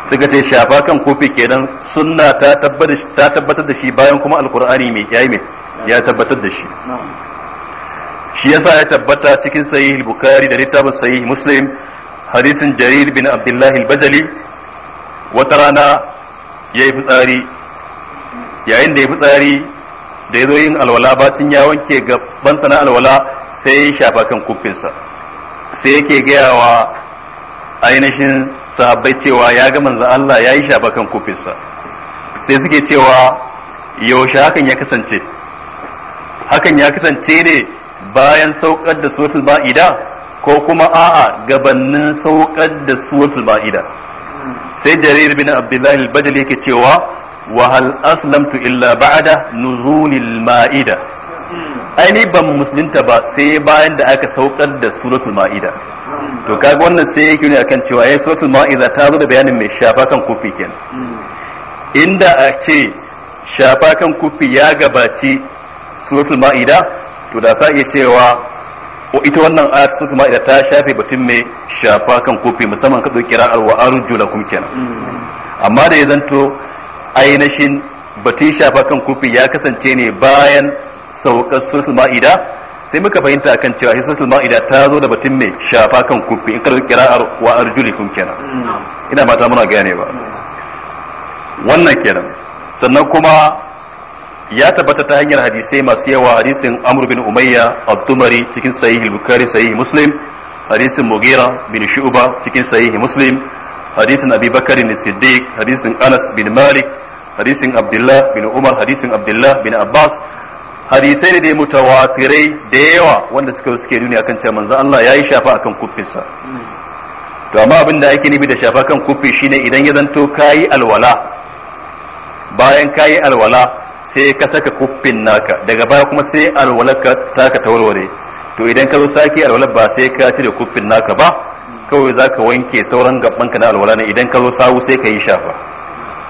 suka ce shafa kan kofi kenan sunna ta tabbatar da shi bayan kuma alkur'ani mai yayi mai ya tabbatar da shi shi yasa ya tabbata cikin sahih bukhari da littafin sahih muslim hadisin jarir bin abdullah al-bajali wata rana yayi fitsari yayin da yayi fitsari da yazo yin alwala bacin ya wanke gaban na alwala sai ya shafa kan kufinsa sai yake gaya wa ainihin sahabbai cewa ya ga manzo Allah ya yi shafa kan kufinsa sai suke cewa yaushe hakan ya kasance hakan ya kasance ne bayan saukar da suratul ba'ida ko kuma a'a gabanin saukar da suratul ba'ida sai jarir bin abdullahi al-badali yake cewa Wahal hal aslamtu illa ba'ada nuzulil ma'ida aini ban musulunta ba sai bayan da aka saukar da suratul ma'ida to kaga wannan sai yake ne akan cewa yayin suratul ma'ida ta zo da bayanin mai shafa kan kufi kenan inda a ce shafa kan kufi ya gabaci suratul ma'ida to da sa iya cewa ko ita wannan ayat sun kuma ta shafe batun mai shafa kan kofi musamman ka dauki ra'ar wa arju lakum amma da ya zanto ainihin batun shafa kan kufi ya kasance ne bayan saukar sulhul ma'ida sai muka fahimta akan cewa shi sulhul ma'ida ta zo da batun mai shafa kan kufi in karɓi kira'ar wa kun kenan ina mata muna gane ba wannan kenan sannan kuma ya tabbata ta hanyar hadisai masu yawa hadisin Amr bin Umayya Abdumari cikin sahih Bukhari sahih Muslim hadisin Mugira bin Shu'ba cikin sahih Muslim hadisin abi bakari ne siddiq hadisin anas bin malik hadisin abdullah bin umar hadisin abdullah bin abbas hadisai ne da mutawatirai da yawa wanda suka suke nuni akan cewa manzo Allah yayi shafa akan kuffinsa to amma abin da ake bi da shafa kan kufi shine idan ya zanto kayi alwala bayan kayi alwala sai ka saka kuffin naka daga baya kuma sai alwala ka taka tawarware to idan ka zo sake alwala ba sai ka cire kuffin naka ba kawai za ka wanke sauran ka na alwala ne idan ka zo sawu sai ka yi shafa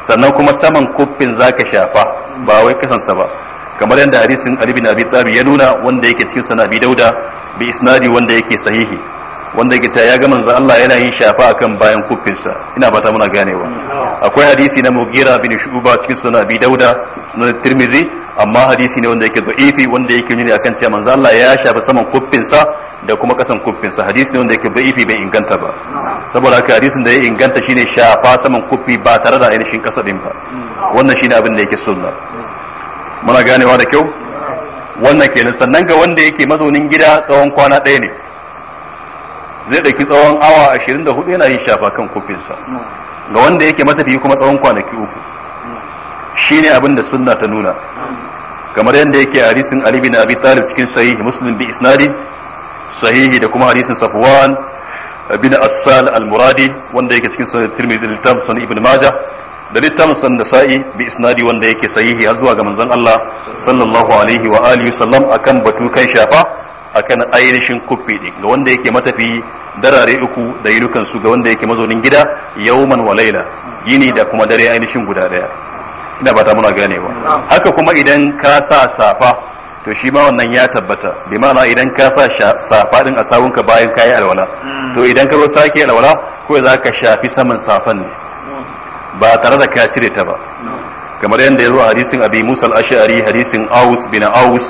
sannan kuma saman kuffin za ka shafa ba wai kasansa ba kamar yadda hadisin alibi na Abi tsari ya nuna wanda yake cikin sana bi Dauda bi isnadi wanda yake sahihi wanda yake ta ya ga manzo Allah yana yin shafa akan bayan kuffinsa ina ba ta muna ganewa akwai hadisi na mugira bin Shu'ba cikin sana bi Dauda na Tirmizi amma hadisi ne wanda yake da'ifi wanda yake nuni akan cewa manzo Allah ya shafa saman kuffinsa da kuma kasan kuffinsa hadisi ne wanda yake da'ifi bai inganta ba saboda haka hadisin da ya inganta shine shafa saman kuffi ba tare da ainihin kasa din ba wannan shine abin da yake sunna muna ganewa da kyau wannan kenan sannan ga wanda yake mazaunin gida tsawon kwana ɗaya ne zai ɗauki tsawon awa ashirin da hudu yana yin shafa kan kuffinsa ga wanda yake matafiya kuma tsawon kwanaki uku shine abin da sunna ta nuna kamar yadda yake a hadisin Ali bin Abi Talib cikin sahih Muslim bi isnadi sahihi da kuma hadisin safwan bin asal al-muradi wanda yake cikin sunan tirmidhi littafin sunan ibn majah da littafin sunan nasa'i bi isnadi wanda yake sahihi har zuwa ga manzon Allah sallallahu alaihi wa alihi sallam akan batu kai shafa akan ainihin kuffi din ga wanda yake matafi darare uku da yirukan su ga wanda yake mazaunin gida yawman wa laila yini da kuma dare ainihin guda daya ina ba ta muna ganewa haka kuma idan ka sa safa to shi ma wannan ya tabbata bi ma'ana idan ka sa safadin a sawunka bayan kayi alwala hmm. to idan ka zo sake alwala ko za ka shafi saman safan ne hmm. ba tare da ka cire ta ba hmm. kamar yadda ya zo a hadisin abi musa al-ash'ari hadisin aus bin aus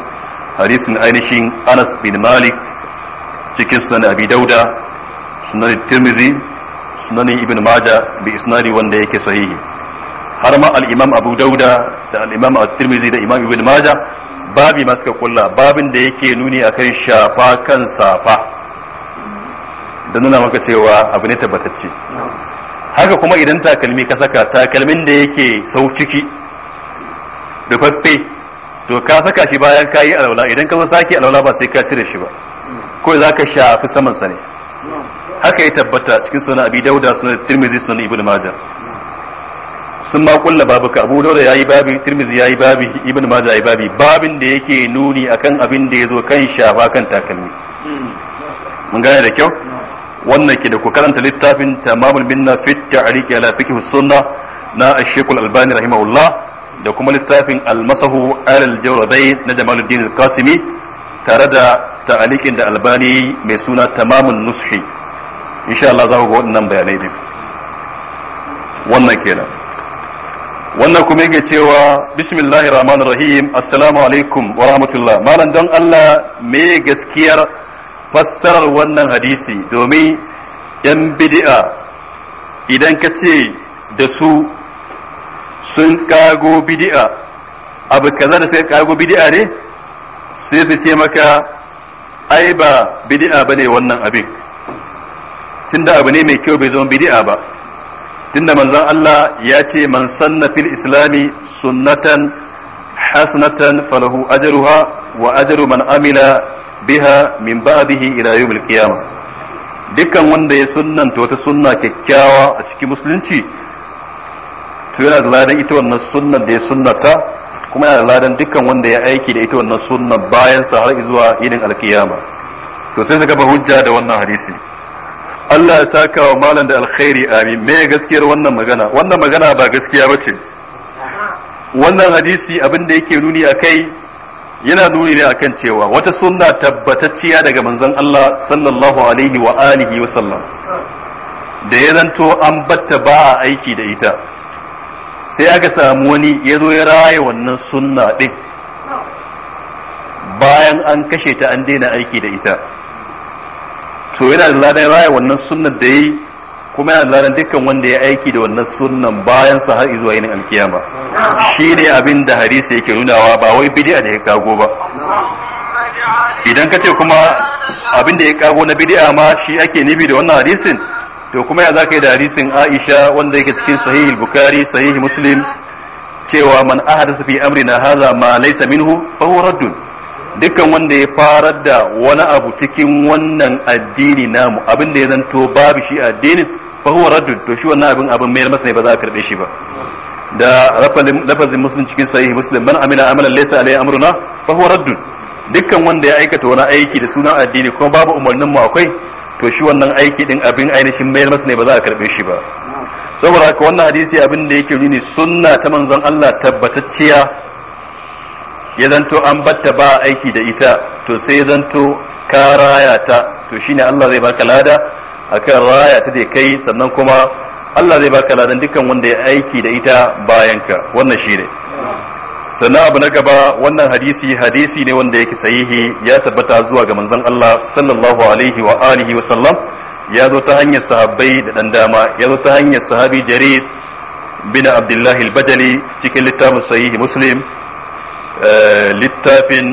hadisin ainihin anas bin malik cikin sunan abi dauda sunan tirmizi sunan ibn majah bi isnadi wanda yake sahihi har ma al-imam abu dauda da al-imam at-tirmizi da imam ibn majah babi ma suka kulla babin da yake nuni akan shafa kan safa da nuna maka cewa abu ne tabbatacce haka kuma idan takalmi ka saka takalmin da yake sau ciki rufaffe to ka saka shi bayan ka yi alaula idan ka zo sake alaula ba sai ka cire shi ba ko za ka shafi sa ne haka ya tabbata cikin sunan abi dauda sunan tirmidhi sunan ibnu majah sun ma kulla babuka abu ya yi babi tirmizi yayi babi ibn ya yi babi babin da yake nuni akan abin da zo kan shafa kan takalmi mun gane da kyau wannan ke da ku karanta littafin tamamul minna fi ta'riqi ala fiqh sunna na ash-shaykh al-albani rahimahullah da kuma littafin al-masahu al-jawrabai na jamaluddin al-qasimi tare da ta'aliqin da albani mai suna tamamun nushi insha Allah za ku ga wannan bayanai din wannan kenan wannan kuma yake cewa bismillahir rahmanir rahim assalamu alaikum wa rahmatullah malam don Allah me gaskiyar fassarar wannan hadisi domin yan bid'a idan kace ce da su sun kago bid'a abu kaza da sai kago bid'a ne sai su ce maka ai ba bid'a bane wannan abin tunda abu ne mai kyau bai zama bid'a ba tunda manzon Allah ya ce man sanna fil islami sunnatan hasanatan falahu ajruha wa ajru man amila biha min ba'dihi ila yawmil qiyamah dukkan wanda ya sunnanta wata sunna kyakkyawa a cikin musulunci to yana da ladan ita wannan sunnar da ya sunnata kuma yana da ladan dukkan wanda ya aiki da ita wannan sunnar bayan sa har zuwa yinin alkiyama to sai suka ba hujja da wannan hadisi Allah ya saka wa malam da alkhairi amin me gaskiyar wannan magana wannan magana ba gaskiya bace wannan hadisi abin da yake nuni akai yana nuni ne akan cewa wata sunna tabbatacciya daga manzon Allah sallallahu alaihi wa alihi wa sallam da ya zanto an batta ba aiki da ita sai aka samu wani ya zo ya raye wannan sunna din bayan an kashe ta an daina aiki da ita so yana da ladan raya wannan sunnan da yi kuma yana da ladan dukkan wanda ya aiki da wannan sunnan bayan sa har zuwa yinin alkiyama ne abin da hadisi yake nunawa ba wai bidi'a da ya kago ba idan ka ce kuma abin da ya kago na bid'a ma shi ake nufi da wannan hadisin to kuma ya zaka yi da hadisin Aisha wanda yake cikin sahihi Bukhari sahihi Muslim cewa man ahadasa fi amrina hadha ma laysa minhu fa huwa raddun dukkan wanda ya farar da wani abu cikin wannan addini namu abin da ya zanto babu shi addinin fa huwa raddud to shi wannan abin abin mai masa ne ba za a karbe shi ba da lafazin muslim cikin sahihi muslim man amila amalan laysa alayhi amruna fa huwa raddud dukkan wanda ya aikata wani aiki da sunan addini kuma babu umarnin mu akwai to shi wannan aiki din abin ainihin mai masa ne ba za a karbe shi ba saboda haka wannan hadisi abin da yake nuni sunna ta manzon Allah tabbatacciya ya zanto an batta ba aiki da ita to sai ya zanto ka raya ta to shine Allah zai baka lada akan raya ta da kai sannan kuma Allah zai baka ladan dukkan wanda ya aiki da ita bayan ka wannan shine sannan abu na gaba wannan hadisi hadisi ne wanda yake sahihi ya tabbata zuwa ga manzon Allah sallallahu alaihi wa alihi wa sallam ya zo ta hanyar sahabbai da dan dama ya zo ta hanyar sahabi jarir bin abdullahi al-bajali cikin littafin sahihi muslim Eh, littafin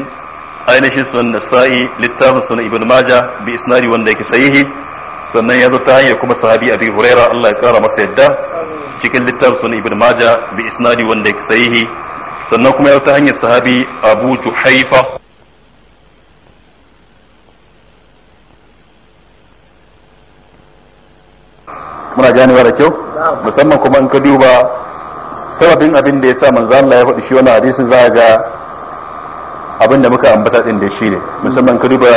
ainihin sunan nasa'i littafin sunan ibn Maja bi isnadi wanda yake sahihi sannan ya zo ta hanyar kuma sahabi abi huraira Allah ya kara masa yadda cikin littafin sunan ibn Maja bi isnadi wanda yake sahihi sannan kuma ya zo ta hanyar sahabi abu juhaifa muna ganewa da kyau musamman kuma in ka duba sababin abin da ya sa manzo Allah ya faɗi shi wannan hadisin za ga abin da muka ambata din da shi ne musamman ka duba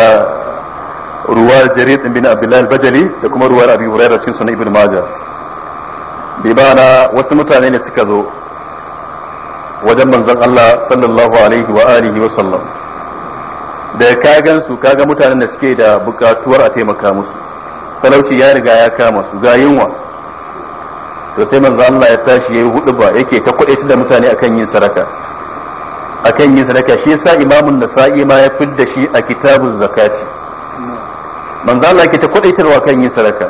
ruwar jarid bin abdullahi al-bajali da kuma ruwar abi hurairah cikin sunan ibnu majah bi bana wasu mutane ne suka zo wajen manzon Allah sallallahu alaihi wa alihi wa sallam da ka gan su kaga mutanen da suke da bukatuwar a taimaka musu talauci ya riga ya kama su ga yunwa to sai manzo Allah ya tashi yayi hudu ba yake ta kuɗe da mutane akan yin sadaka akan yin sadaka shi yasa imamun sa'i ma ya fidda shi a kitabuz zakati manzo Allah yake ta tarwa kan yin sadaka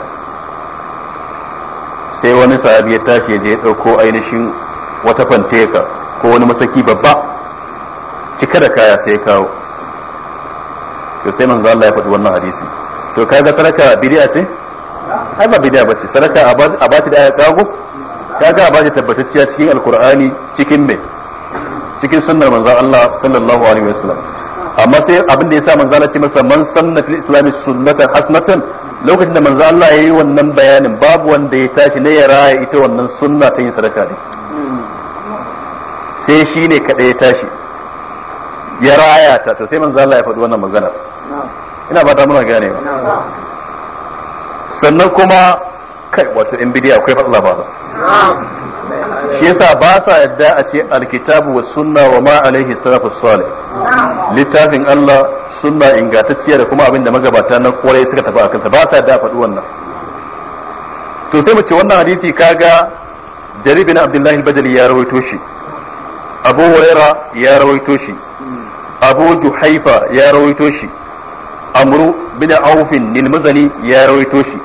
sai wani sahabi ya tashi ya je ya dauko ainihin wata fanteka ko wani masaki babba cika da kaya sai ya kawo to sai manzo Allah ya faɗi wannan hadisi to kaga sadaka bid'a ce ai ba bid'a bace sadaka a ta da aya kago kaga a ta tabbatacciya cikin alqur'ani cikin me cikin sunnar manzo Allah sallallahu alaihi wasallam amma sai abin da yasa manzo Allah ce masa man sanna fil islami sunnatan hasanatan lokacin da manzo Allah yayi wannan bayanin babu wanda ya tashi ne ya raya ita wannan sunna ta yin sadaka ne sai shi ne kada ya tashi ya raya ta to sai manzo Allah ya faɗi wannan magana ina ba ta muna gane ba sannan kuma kai wato in bidiya akwai fatsala ba shi yasa ba sa yadda a ce alkitabu wa sunna wa ma alaihi salafus salih littafin Allah sunna ingantacciya da kuma abin da magabata na kwarai suka tafi a kansa. ba sa yadda a faɗi wannan to sai mu wannan hadisi kaga jaribi na Abdullahi Badali bajali ya rawaito shi Abu Huraira ya rawaito shi Abu Juhaifa ya rawaito shi Amru bin aufin nilmazani ya rawaito shi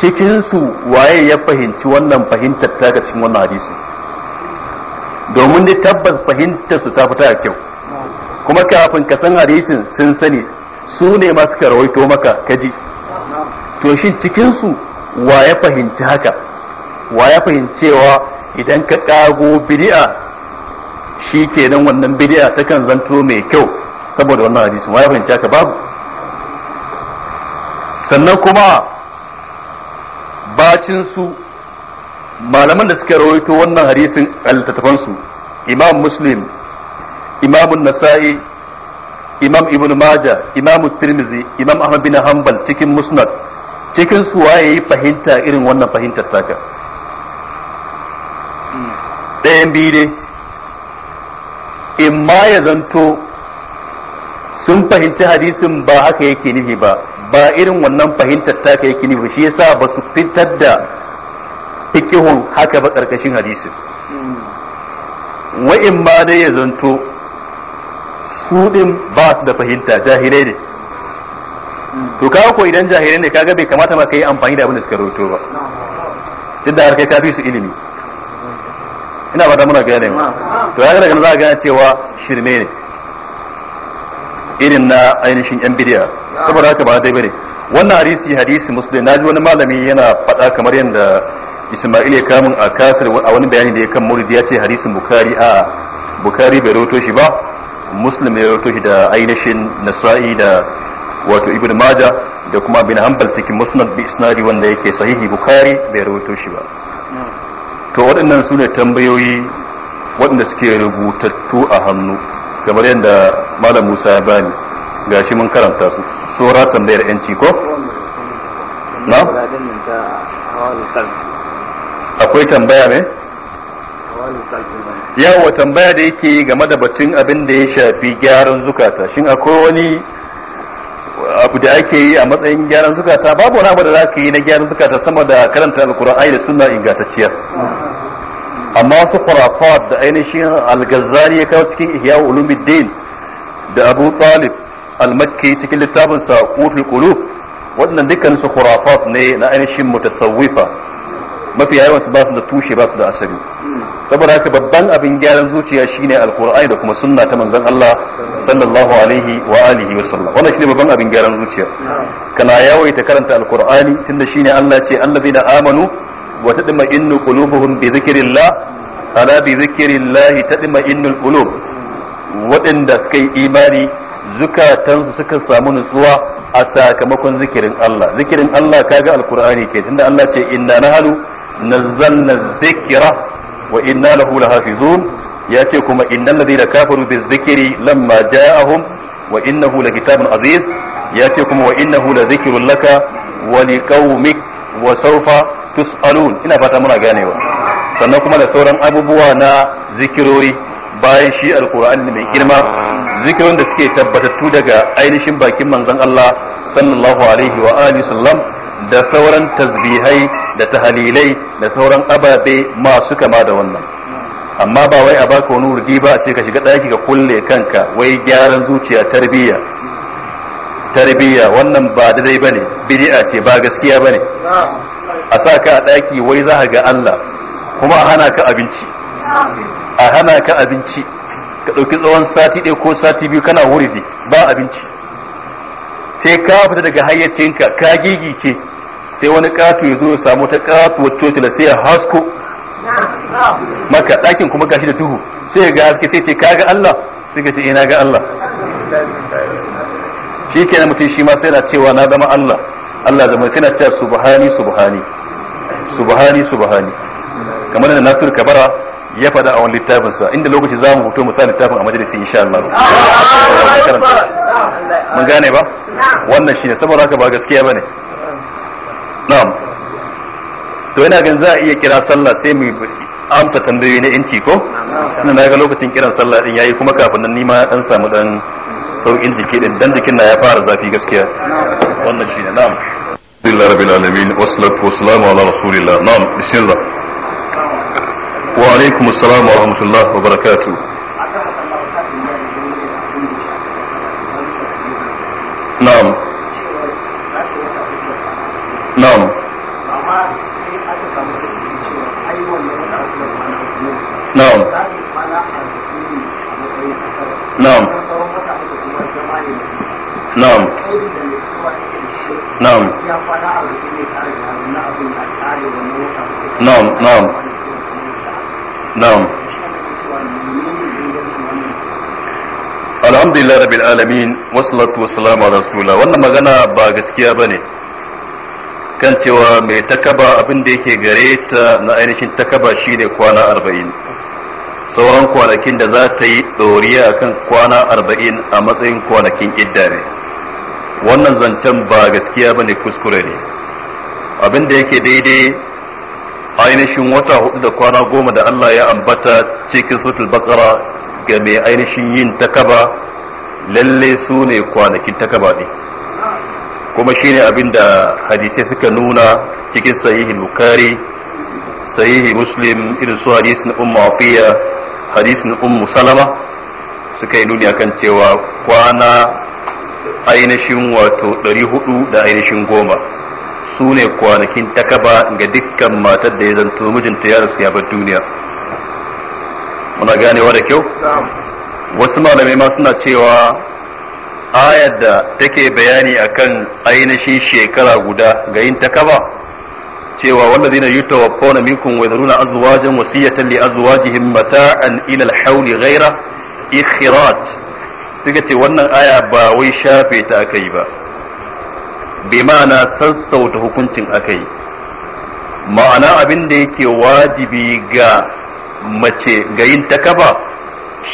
cikinsu waye ya fahimci wannan fahimtar ga cikin wannan hadisi domin dai tabbas fahimtarsu ta fita da kyau kuma kafin ka san hadisin sun sani su ne ma suka rawaito maka kaji to shin cikinsu wa ya fahimci haka wa ya fahimcewa idan ka kago bid'a shi kenan wannan bid'a ta kan zanto mai kyau saboda wannan hadisin wa ya fahimci haka babu sannan kuma bacinsu malaman da suke rawaito wannan hadisin altattafan su imam muslim imam nasa'i imam ibn majah imam tirmizi imam ahmad bin hanbal cikin musnad cikin su waye yi fahimta irin wannan fahimtar taka ɗayan biyu ne in ma ya zanto sun fahimci hadisin ba haka yake nufi ba ba irin wannan fahimtar ta kai kini ba shi yasa ba su fitar da fikihun haka ba karkashin hadisin wa'in ma dai ya zanto su din ba su da fahimta jahilai ne to kawo ko idan jahilai ne ka kaga bai kamata ma yi amfani da abin da suka rawaito ba duk da har kai fi su ilimi ina ba da muna gane to ya ga daga za a gane cewa shirme ne irin na ainihin yan bidiya saboda haka ba dai bane wannan hadisi hadisi muslim naji wani malami yana faɗa kamar yadda Isma'il ya kamun a kasar a wani bayani da ya kan murid ya ce hadisin Bukhari a Bukhari bai rawato shi ba Muslim ya rawato shi da ainihin Nasa'i da wato ibnu maja da kuma bin Hanbal cikin Musnad bi isnadi wanda yake sahihi Bukhari bai rawato shi ba hmm. to waɗannan sune tambayoyi waɗanda suke rubutattu a hannu kamar yadda malam Musa ya bani gashi mun karanta su sura tambayar yanci ko na akwai tambaya ne yawa tambaya da yake game da batun abin da ya shafi gyaran zukata shin akwai wani abu da ake yi a matsayin gyaran zukata babu wani abu da za ka yi na gyaran zukata sama da karanta alkur'ani da sunna ingantacciya amma wasu khurafat da ainihin al ya kawo cikin Ihya Ulumuddin da Abu Talib al cikin littafin sa kulu Qulub waɗannan dukkanin su khurafat ne na ainihin mutasawwifa mafi yawan su ba su da tushe ba su da asali saboda haka babban abin gyaran zuciya shine alkur'ani da kuma sunna ta manzon Allah sallallahu alaihi wa alihi wa sallam wannan shine babban abin gyaran zuciya kana yawaita karanta alkur'ani tunda shine Allah ce ce allazina amanu wa tadma innu qulubuhum bi dhikrillah ala bi dhikrillah tadma innul qulub waɗanda suka yi imani zukatansu suka samu nutsuwa a sakamakon zikirin Allah zikirin Allah kaga alqur'ani ke tunda Allah ce inna nahnu nazzalna dhikra wa inna lahu lahafizun ya ce kuma innal ladina kafaru bi dhikri lamma ja'ahum wa hula lakitabun aziz ya ce kuma wa innahu la zikrun laka wa liqaumik wa sawfa tus'alun ina fata muna ganewa sannan kuma da sauran abubuwa na zikirori bayan shi alqur'ani mai girma zikirin da suke tabbatattu daga ainihin bakin manzon Allah sallallahu alaihi wa alihi sallam da sauran tasbihai da tahalilai da sauran ababe masu kama da wannan amma ba wai a baka wani wurdi ba a ce ka shiga daki ka kulle kanka wai gyaran zuciya tarbiyya tarbiyya wannan ba daidai bane bid'a ce ba gaskiya bane a sa ka a ɗaki wai za ga Allah kuma a hana ka abinci a hana ka abinci ka ɗauki tsawon sati ɗaya ko sati biyu kana wuri ba abinci sai ka fita daga hayyacinka ka gigice sai wani ƙato ya zo ya samu ta ƙatuwar cocila sai ya hasko maka ɗakin kuma gashi da duhu sai ya ga haske sai ce kaga Allah sai ka ce ina eh, ga Allah shi kenan mutum shi ma sai na cewa na zama Allah Allah zama sai na cewa subhani subhani subhani subhani kamar da Nasir Kabara ya fada a wani littafin sa inda lokaci za mu hoto misali littafin a majalisi insha Allah mun gane ba wannan shine saboda haka ba gaskiya bane na'am to ina ganin za a iya kira sallah sai mu amsa tambayoyi na inci ko ina na ga lokacin kiran sallah din yayi kuma kafin nan nima dan samu dan sau'in jiki din dan jikin na ya fara zafi gaskiya wannan shine na'am الحمد لله رب العالمين والصلاة والسلام على رسول الله نعم بسم الله وعليكم السلام ورحمة الله وبركاته نعم نعم نعم نعم نعم na'am na'am na'am na'am alhamdulillah rabbil alamin wassalatu wassalamu ala rasulillah wannan magana ba gaskiya bane kan cewa mai takaba abin da yake gare ta na ainihin takaba shine kwana arba'in sauran kwanakin da za ta yi ɗoriya kan kwana arba'in a matsayin kwanakin idda ne wannan zancen ba gaskiya ba ne kuskure ne abin da yake daidai ainihin wata hudu da kwana goma da Allah ya ambata cikin sutul bakara ga mai ainihin yin takaba lalle su ne kwanakin takaba ne kuma shi ne abin da hadisai suka nuna cikin sahihin bukari sahihi muslim irin su hadis umma wafiya afiya na umma salama suka yi nuni akan cewa kwana ainihin wato ɗari hudu da ainihin goma su ne kwanakin takaba ga dukkan matar da ya zanto mijinta ya rasu ya bar duniya muna ganewa da kyau wasu malamai ma suna cewa ayar da take bayani akan ainihin shekara guda ga yin takaba cewa wanda yi ta wallazina yutawaffawna minkun wai zaruna azuwajen wasiyyatan li himmata mata'an ilal hauni gaira? ghayra suka ce wannan aya ba wai shafe ta aka yi ba bi ma'ana sassauta hukuncin aka yi ma'ana abin da yake wajibi ga mace ga yin takaba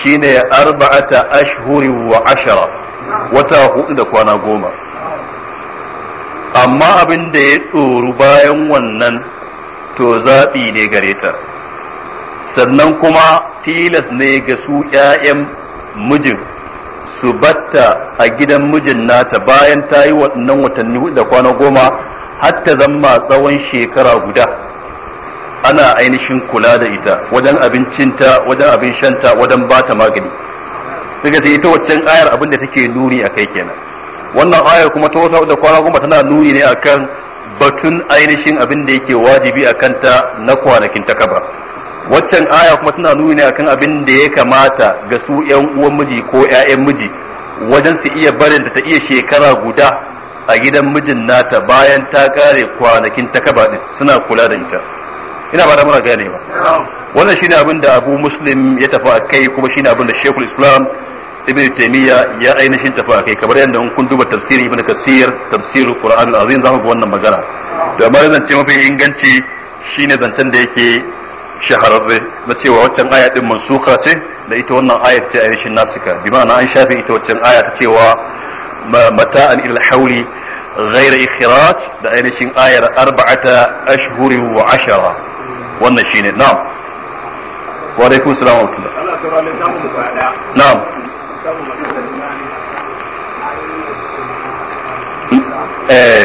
shine arba'ata ashhuri wa ashara wata hudu da kwana goma amma abin da ya tsoru bayan wannan to zaɓi ne gare ta sannan kuma tilas ne ga su 'ya'yan mijin su batta a gidan mijin nata bayan ta yi waɗannan watanni da kwana goma hatta zama tsawon shekara guda ana ainihin kula da ita wajen abincinta wajen abin shanta wajen ba ta magani suka ce ita waccan ayar abin da take nuni a kai kenan wannan ayar kuma ta wata da kwana goma tana nuni ne akan batun ainihin abin da yake wajibi a kanta na kwanakin takaba waccan aya kuma tana nuni ne akan abin da ya kamata ga su yan uwan miji ko ƴaƴan miji wajen su iya barin ta iya shekara guda a gidan mijin nata bayan ta kare kwanakin ta kaba din suna kula da ita ina ba da muna gane ba wannan shine abin da Abu Muslim ya tafi kai kuma shine abin da Sheikhul Islam Ibn Taymiyyah ya ainihin tafi kai, kamar yadda in kun duba tafsirin Ibn Kathir tafsirul Qur'an al-Azim zamu ga wannan magana da amma zan ce mafi inganci shine zancen da yake shahararre na cewa waccan aya din mansuka ce da ita wannan ayar ce a nasika bi ma'ana an shafe ita waccan aya ta cewa mata'an ila hauli da ainihin ayar arba'ata ashhurin wa ashara wannan shine na'am wa alaikum wa rahmatullah na'am eh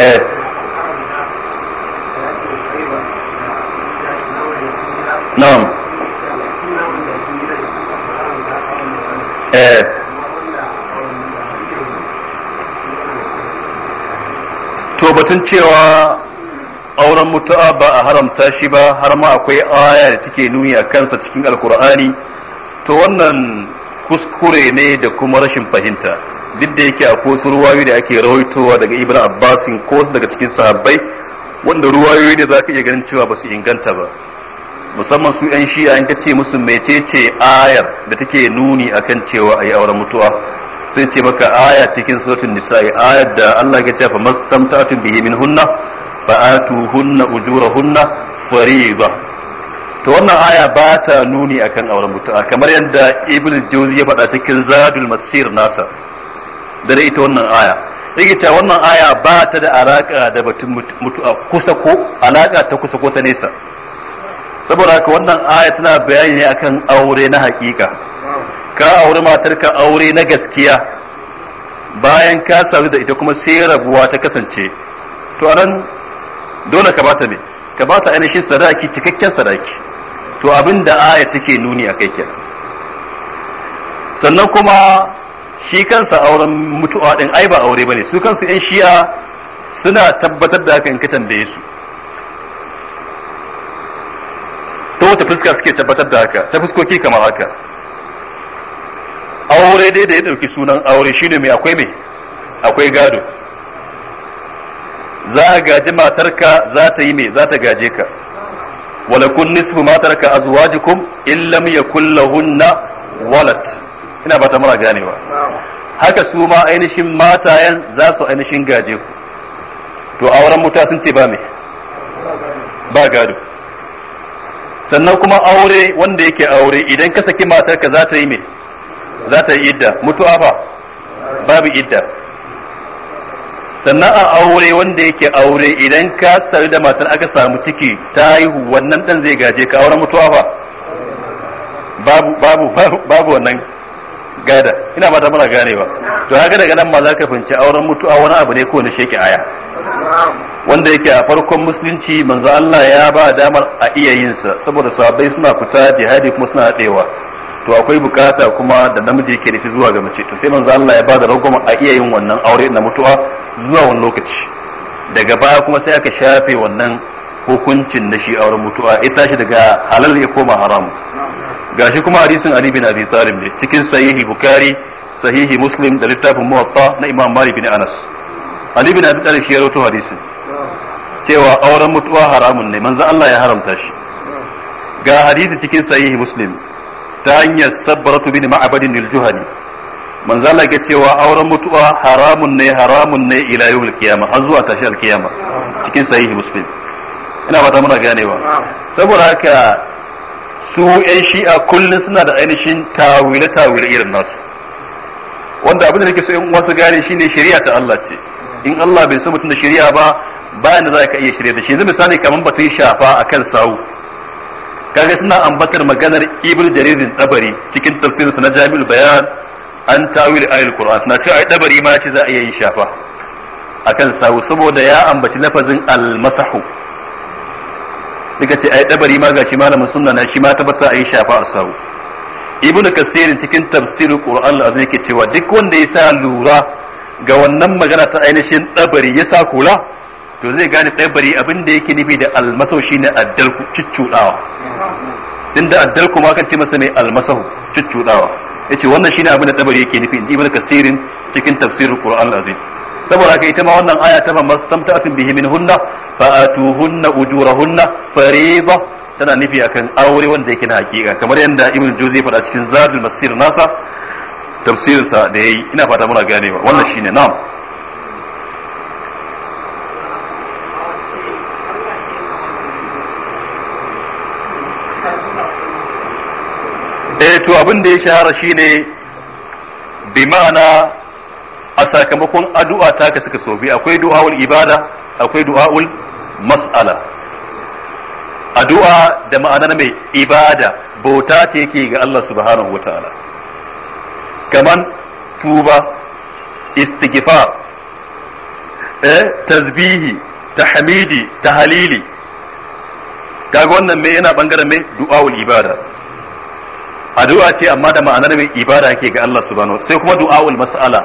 نعم eh. na'am eh to batun cewa auren mutu'a ba a haramta shi ba har ma akwai aya da take nuni a kansa cikin alkur'ani to wannan kuskure ne da kuma rashin fahimta duk da yake akwai wasu ruwayoyi da ake rawaitowa daga ibn abbasin ko wasu daga cikin sahabbai wanda ruwayoyi da zaka iya ganin cewa ba su inganta ba musamman su yan shi'a in ce musu ce ayar da take nuni akan cewa ayi auren mutuwa sai ce maka aya cikin suratul nisa'i ayar da Allah ya ce fa mastamta'tu bihi min hunna fa atuhunna ujurahunna fariida to wannan aya ba ta nuni akan auren mutuwa kamar yadda ibnu jawzi ya faɗa cikin zadul masir nasa da ita wannan aya yake cewa wannan aya ba ta da alaka da batun mutu a kusa ko alaka ta kusa ko ta nesa saboda haka wannan aya tana bayani ne akan aure na hakika ka aure matarka aure na gaskiya bayan ka sauri da ita kuma sai rabuwa ta kasance to anan dole ka bata me ka bata ainihin sadaki cikakken sadaki to abinda da aya take nuni a kai kenan sannan kuma shi kansa auren mutuwa din ai ba aure bane su kansu yan shi'a suna tabbatar da haka in kitan da su ta wata fuska suke tabbatar da haka ta fuskoki kamar haka aure dai da ya dauki sunan aure shine mai akwai mai akwai gado za a gaji matarka za ta yi mai za ta gaje ka Wala kun nisfu matarka azwajikum in lam yakul lahunna walat. ina ba ta mara ganewa haka su ma ainihin matayen za su ainihin gaje ku to auren muta sun ce ba me ba gado sannan kuma aure wanda yake aure idan ka saki matarka za ta yi me za ta yi idda mutu'a fa babu idda sannan a aure wanda yake aure idan ka sadu da matar aka samu ciki ta haihu wannan dan zai gaje ka auren mutuwa fa babu babu babu wannan gada ina ba ta mara ganewa to haka daga nan ma za ka fahimci auren mutuwa wani abu ne ko na sheke aya wanda yake a farkon musulunci manzo Allah ya ba damar a iya yin sa saboda sahabbai suna fita jihadi kuma suna hadewa to akwai bukata kuma da namiji yake da shi zuwa ga mace to sai manzo Allah ya ba da ragwama a iya yin wannan aure na mutuwa zuwa wani lokaci daga baya kuma sai aka shafe wannan hukuncin na shi auren mutuwa ita shi daga halal ya koma haram gashi kuma hadisin Ali bin Abi Talib ne cikin sahihi Bukhari sahihi Muslim da littafin Muwatta na Imam Malik bin Anas Ali bin Abi Talib shi ya rawaito hadisin cewa auren mutuwa haramun ne manzo Allah ya haramta shi ga hadisi cikin sahihi Muslim ta hanyar sabbaratu bin ma'abadin al-juhani manzo Allah ya cewa auren mutuwa haramun ne haramun ne ila yawmil qiyama har zuwa tashi al-qiyama cikin sahihi Muslim ina fata muna ganewa saboda haka su yan shi'a kullum suna da ainihin tawile tawile irin nasu wanda abin da nake so in wasu gane shine shari'a ta Allah ce in Allah bai so mutum da shari'a ba bayan da za ka iya shari'a da shi yanzu misali kamar batun shafa a kan sawu kaga suna ambatar maganar ibn jaririn dabari cikin tafsirinsa na jami'ul bayan an tawil ayatul qur'an suna cewa dabari ma ce za a iya yin shafa akan sawu saboda ya ambaci lafazin al-masahu suka ce ai dabari ma gashi malamin sunna na shi ma tabbata ai shafa a sahu ibn kasir cikin tafsirin qur'an al-azim yake cewa duk wanda ya sa lura ga wannan magana ta ainihin dabari ya sa kula to zai gane dabari abin da yake nufi da almasau shine addalku ciccudawa tunda addalku ma kan ce masa ne almasahu ciccudawa yace wannan shine abin da dabari yake nufi inji ibn kasirin cikin tafsirin qur'an al-azim saboda haka ita ma wannan aya ta fa mastamta'atun bihi min hunna fa'atuhunna ujurahunna ba tana nufi akan aure wanda yake na hakika kamar yadda ibn juzi a cikin zadul masir nasa tafsirinsa da yayi ina fata muna ganewa wannan shine na'am eh, to abin da ya shahara shine bi ma'ana a sakamakon addu'a ta ka suka sobi akwai du'a'ul ibada akwai du'a'ul mas'ala addu'a da ma'anar mai ibada bauta ce yake ga Allah subhanahu wataala kaman tuba istighfar eh tasbihi tahmidi tahalili kaga wannan me yana bangaren me du'aul ibada addu'a ce amma da ma'anar mai ibada yake ga Allah subhanahu sai kuma du'aul mas'ala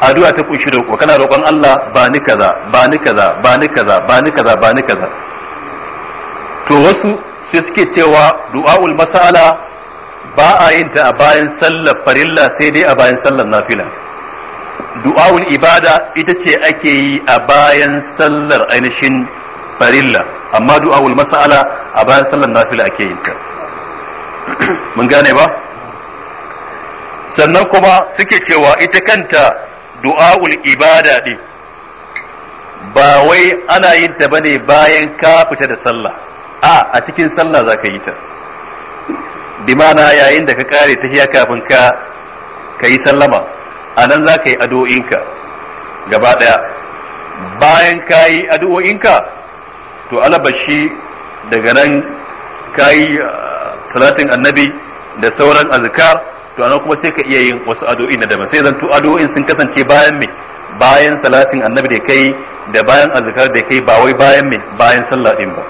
addu'a ta kunshi roƙo kana roƙon Allah ba ni kaza ba ni kaza ba ni kaza ba ni kaza ba ni kaza to wasu sai suke cewa du'aul mas'ala ba a yin ta a bayan sallar farilla sai dai a bayan sallar nafila du'aul ibada ita ce ake yi a bayan sallar ainihin farilla amma du'aul mas'ala a bayan sallar nafila ake yin ta mun gane ba sannan kuma suke cewa ita kanta du'a'ul ibada din ba wai ana yin ta bane bayan ka fita da sallah a a cikin sallah zaka yi ta bi mana yayin da ka kare tahiya kafin ka kai sallama anan zaka yi addu'o'inka gaba daya bayan ka yi addu'o'inka to alabashi daga nan ka yi uh, salatin annabi da sauran azkar to anan kuma sai ka iya yin wasu addu'o'i na daban sai zanto addu'o'in sun kasance bayan me bayan salatin annabi da kai da bayan azkar da kai ba wai bayan me bayan sallah din ba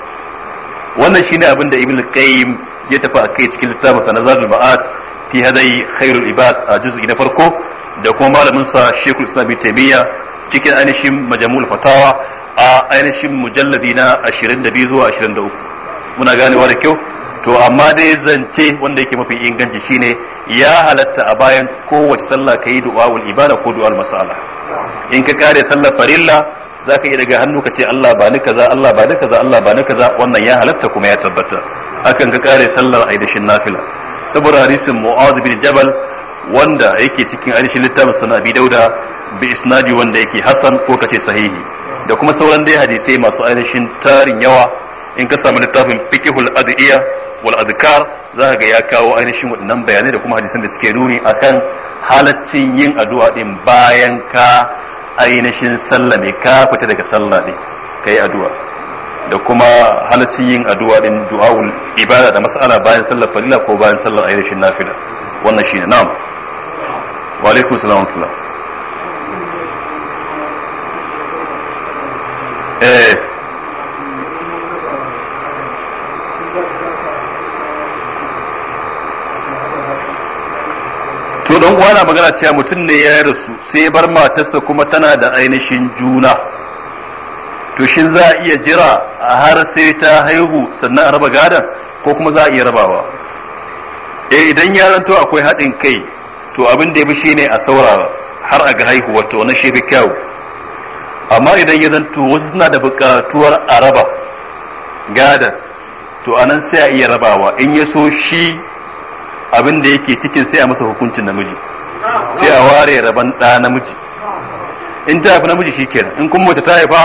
wannan shine abin da ibnu qayyim ya tafi kai cikin littafin sa nazarul ma'at fi hadai khairul ibad a juz'i na farko da kuma malamin sa shekul islam taymiya cikin ainihin majmu'ul fatawa a ainihin mujalladi na 22 zuwa 23 muna ganewa da kyau to amma dai zance wanda yake mafi inganci shine ya halatta a bayan kowace sallah ka yi du'a'ul ibada ko du'a masala in ka kare sallah farilla zaka yi daga hannu ka ce Allah ba ni kaza Allah ba ni kaza Allah ba ni kaza wannan ya halatta kuma ya tabbata akan ka kare sallar aidashin nafila saboda hadisin Mu'adh bin Jabal wanda yake cikin aidashin littafin sana bi dauda bi isnadi wanda yake hasan ko kace sahihi da kuma sauran dai hadisai masu aidashin tarin yawa in ka samu littafin fiqhul adiyya wal azkar za ga ya kawo ainihin waɗannan bayanai da kuma hadisan da suke nuni akan halaccin yin addu'a din bayan ka ainihin sallame ka fita daga sallah din kai addu'a da kuma halaccin yin addu'a din du'aul ibada da mas'ala bayan sallah farilla ko bayan sallar ainihin nafila wannan shine na'am wa alaikum salaam wa eh kowa na magana cewa mutum ne ya rasu sai bar matarsa kuma tana da ainihin juna to shin za a iya jira a har sai ta haihu sannan a raba gadon ko kuma za a iya rabawa eh idan yaranto akwai haɗin kai to abin da ya bi shine a saurara har a ga haihuwar to wani shi kyau amma idan ya zanto wasu suna da buƙatuwar a raba gadon to anan sai a iya rabawa in ya so shi abin da yake cikin sai a masa hukuncin namiji sai a ware rabon ɗa namiji in ta haifa namiji kenan, in kuma mace ta haifa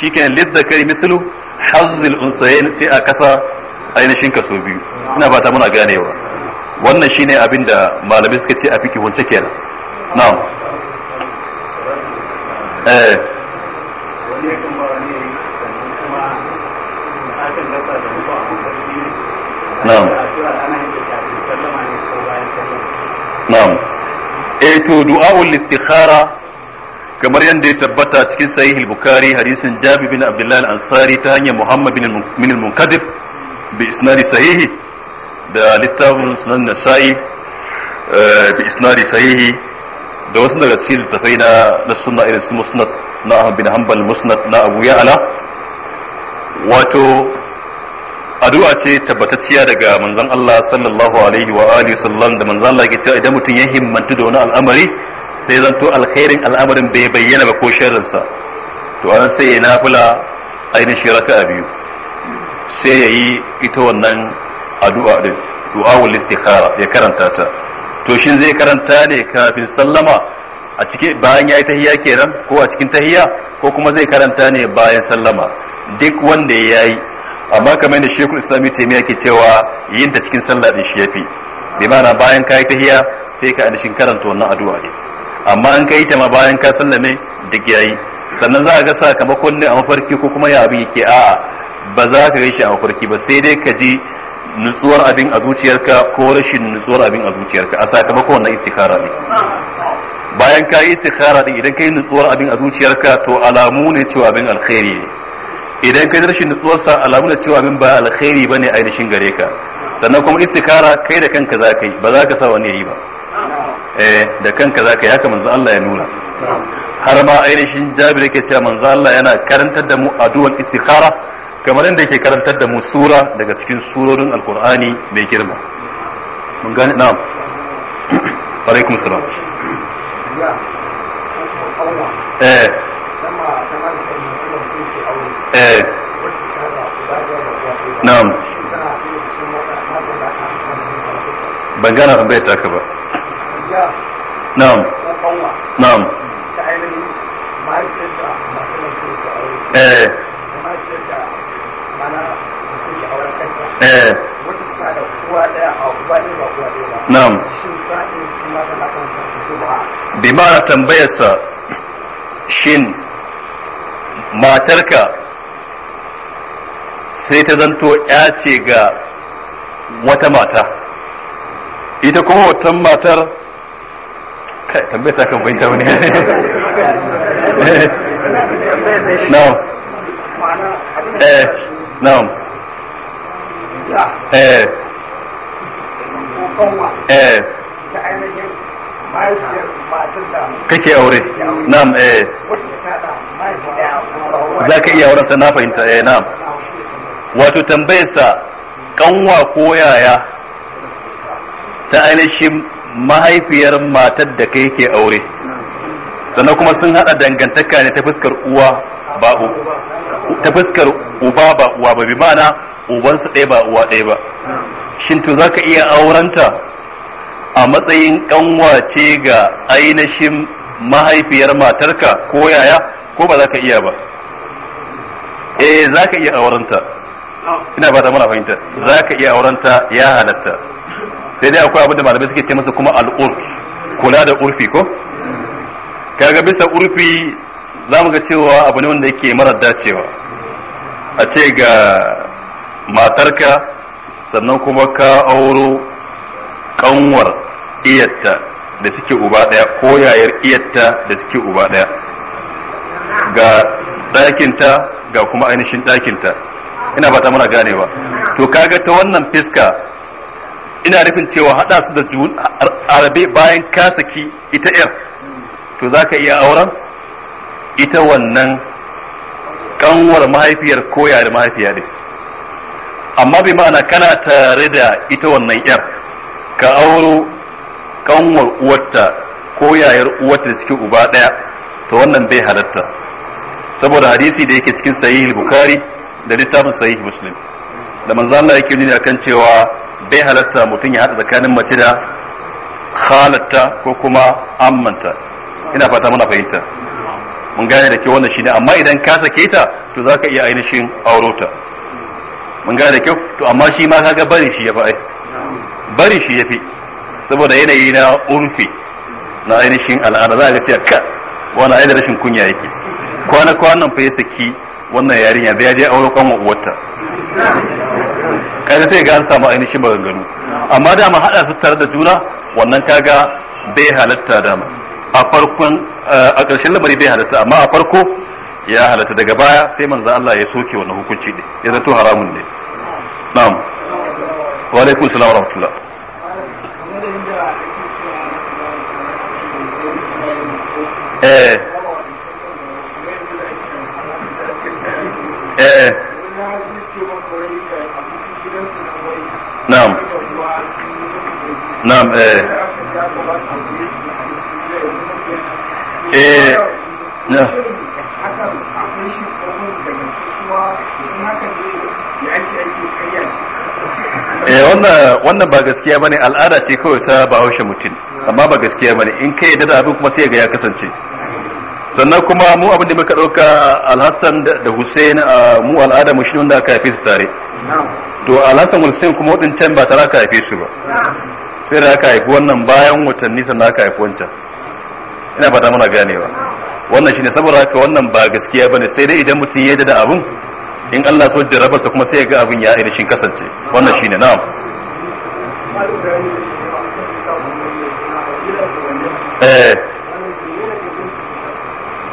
shi kenan lidda kai mislu hazil unsayin sai a kasa ainihin kaso biyu ina ba ta muna ganewa wannan shine abin da malamai suka ce a fiki hunce kenan na'am eh na'am na'am eh to du'a'ul istikhara kamar yadda ya tabbata cikin sahih bukhari hadisin jabi bin abdullahi al-ansari ta hanyar muhammad bin al-munkadib bi isnadi sahihi da littafin sunan nasa'i eh, bi isnadi sahihi da wasu daga cikin littafai na na sunna irin su musnad na ahmad bin hanbal musnad na abu ya'la wato addu'a ce tabbatacciya daga manzon Allah sallallahu alaihi wa alihi sallam da manzon Allah ke cewa idan mutum ya himmantu da wani al'amari sai zanto alkhairin al'amarin bai bayyana ba ko sharrin sa to an sai ya nafila ainihin shiraka biyu sai ya yi ita wannan addu'a din wal istikhara ya karanta ta to shin zai karanta ne kafin sallama a cikin bayan ya yi tahiyya kenan ko a cikin tahiyya ko kuma zai karanta ne bayan sallama duk wanda ya yi amma kamar da shekul islami taimi ake cewa yin ta cikin sallah din shi ya fi bi mana bayan ta tahiya sai ka adashin karanta wannan addu'a ne amma an kai ta ma bayan ka sallame duk yayi sannan za a ga sakamakon ne a mafarki ko kuma ya abin yake a'a ba za ka gaishe a mafarki ba sai dai ka ji nutsuwar abin a zuciyarka ko rashin nutsuwar abin a zuciyarka a sakamakon wannan istikara ne bayan ka yi istikhara din idan ka yi nutsuwar abin a zuciyarka to alamu ne cewa abin alkhairi ne idan kai rashin nutsuwarsa alamu da cewa min ba alkhairi bane ainihin gare ka sannan kuma istikara kai da kanka za ka yi ba za ka sa wani yi ba eh da kanka za ka yi haka manzo Allah ya nuna har ma ainihin Jabir yake cewa manzo Allah yana karantar da mu addu'ar istikara kamar inda yake karantar da mu sura daga cikin surorin alkur'ani mai girma mun gane na'am alaikum assalam eh eh na'am ban gana tambayar taka ba na'am na'am eh eh na'am bi ma'ana tambayarsa shin matarka sai ta zanto ya ce ga wata mata ita kuma wata matar kai tambaya ta kan bayyana wani na'am eh na'am eh eh kake aure na'am eh za ka iya auren ta na fahimta eh na'am wato tambayarsa kanwa ko yaya ta ainihin mahaifiyar matar da kai ke aure sannan kuma sun hada dangantaka ne ta fuskar uwa ba ta fuskar uba ba uwa ba bi ma'ana ubansu ɗaya ba uwa ɗaya ba shin to zaka iya aurenta a matsayin kanwa ce ga ainihin mahaifiyar matarka ko yaya ko ba za ka iya ba eh za ka iya aurenta ina ba ta muna fahimta za ka iya aurenta ya halatta sai dai akwai abin da malamai suke ce masa kuma al'urf kula da urfi ko kaga bisa urfi za mu ga cewa abu ne wanda yake mara dacewa a ce ga matarka sannan kuma ka auro kanwar iyatta da suke uba daya ko yayar iyatta da suke uba daya ga ɗakinta ga kuma ainihin ɗakinta ina ba ta muna ba. to kaga ta wannan fiska ina nufin cewa hada su da arabe bayan kasaki ita yar to za ka iya auren ita wannan kanwar mahaifiyar koya da mahaifiya ne amma bai ma'ana kana tare da ita wannan yar ka auro kanwar uwarta ko yayar uwarta da suke uba ɗaya ta wannan bai halatta saboda hadisi da yake cikin sahih bukhari da littafin sahih muslim da manzo Allah yake nuni akan cewa bai halatta mutum ya hada tsakanin mace da khalatta ko kuma ammanta ina fata muna fahimta mun gane da ke wannan shine amma idan ka sake ta to zaka iya ainihin aurota mun gane da kyau to amma shi ma kaga bari shi ya fa'i bari shi ya fi saboda yanayi na urfi na ainihin al'ada za a ce ka wani ainihin rashin kunya yake kwana kwanan fa ya saki wannan yarinya da ya je aure kanwa uwarta kaga sai ga an samu ba gano amma dama hada su tare da juna wannan kaga bai halatta dama a farkon a ƙarshen lamari bai halatta amma a farko ya halatta daga baya sai manzo Allah ya soke wannan hukunci ne ya zato haramun ne na'am wa alaikum salam wa rahmatullah eh Eh. Eh. Eh, wannan ba gaskiya bane al'ada ce kawai ta bahaushe mutum amma ba gaskiya bane in kai yadda da abin kuma sai ga ya kasance sannan kuma mu abin da muka ɗauka alhassan da hussein mu al'ada mu shi wanda aka haife su tare to alhassan hussein kuma wadancan ba tara aka haife su ba sai da aka haifi wannan bayan watanni sannan aka haifi wancan ina ta muna ganewa wannan shine saboda haka wannan ba gaskiya bane sai dai idan mutum ya da abun in Allah so rabarsa kuma sai ya ga abin ya ainihin kasance wannan shine na'am eh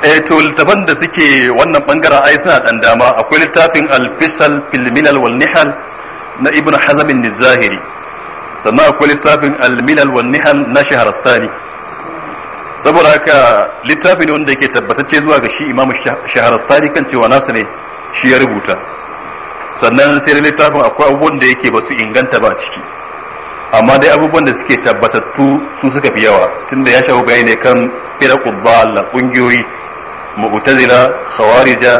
eh to littafan da suke wannan bangaren ai suna dan dama akwai littafin al-fisal fil minal wal nihal na ibn hazm an-zahiri sannan akwai littafin al-milal wal nihal na shahrastani saboda haka littafin ne wanda yake tabbatacce zuwa ga shi imamu kan cewa nasa ne shi ya rubuta sannan sai da littafin akwai abubuwan da yake ba su inganta ba ciki amma dai abubuwan da suke tabbatattu su suka fi yawa tunda ya shafi bayani kan firakul bala kungiyoyi mu'tazila khawarija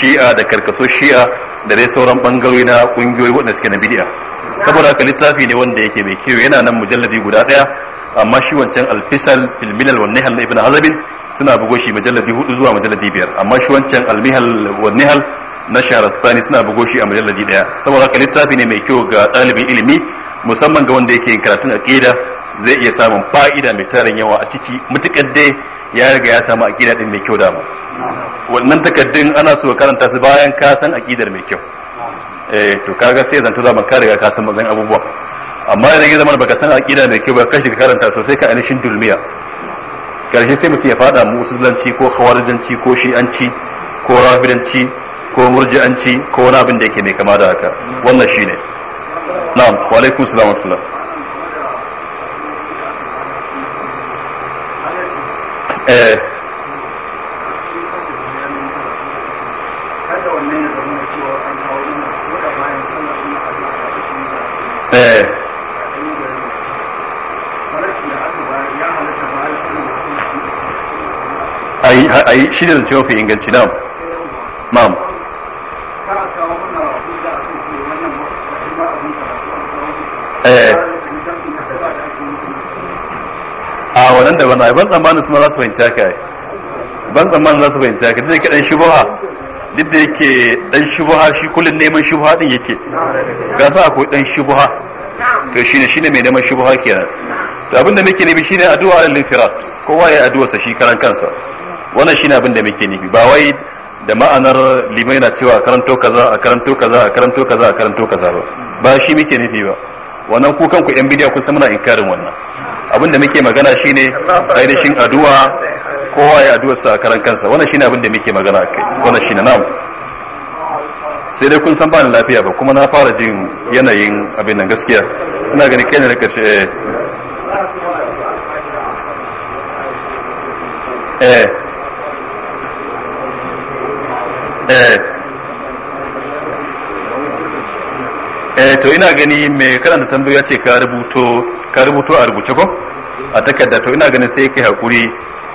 shi'a da karkaso shi'a da dai sauran bangarori na kungiyoyi wanda suke na bid'a saboda haka littafi ne wanda yake mai kyau yana nan mujallabi guda daya amma shi wancan al-fisal fil milal wan nihal ibn azabin suna bugo shi mujalladi hudu zuwa mujalladi biyar amma shi wancan al-mihal wan nihal na sharastani suna bugo shi a mujalladi daya saboda haka littafi ne mai kyau ga ɗalibin ilimi musamman ga wanda yake karatun aqida zai iya samun fa'ida mai tarin yawa a ciki mutukar dai ya riga ya samu aqida din mai kyau da mu wannan takaddun ana so karanta su bayan ka san aqidar mai kyau eh to kaga sai zanto zaman ka riga ka san mazan abubuwa amma idan ya zama baka san aqida mai kyau ba ka shiga karanta to sai ka anishin dulmiya karshe sai mutum ya fada mu usulanci ko khawarijanci ko shi'anci ko rafidanci ko murji'anci ko wani abin da yake mai kama da haka wannan shine na'am wa alaikum wa rahmatullah eh eh a yi eh. shi da zance mafi inganci na ma'am eh wani ai ban tsammani suna za su fahimci haka ai ban tsammani za su fahimci haka duk da dan shubha duk da yake dan shubha shi kullun neman shubha din yake ga sa akwai dan shubha to shi ne shi ne mai neman shubha kenan to abin da muke shi ne addu'a lil firat kowa ya addu'a sa shi karan kansa wannan shi ne abin da muke nufi ba wai da ma'anar limai na cewa karanto kaza a karanto kaza a karanto kaza a karanto kaza ba ba shi muke nufi ba wannan ku kanku yan bidiya kun san muna inkarin wannan abin da muke magana shine ainihin addu'a kowa ya addu'a sa karan kansa wannan shine abin da muke magana kai wannan shine na'am sai dai kun san ba ni lafiya ba kuma na fara jin yanayin abin nan gaskiya ina gani kai ne da kace eh. eh eh eh to ina gani mai karanta tambaya ce ka rubuto ka rubuto a rubuce ko a takarda to ina ganin sai kai hakuri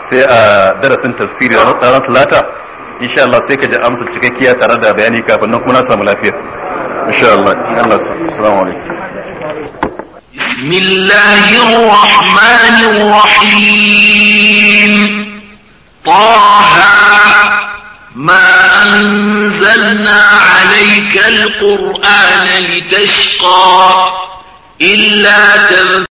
sai a darasin tafsiri a ranar talata insha Allah sai ka ji amsa cikakkiya tare da bayani kafin nan kuma na samu lafiya insha Allah Allah assalamu alaikum بسم الله الرحمن الرحيم طه ما أنزلنا عليك القرآن لتشقى إلا تذكرون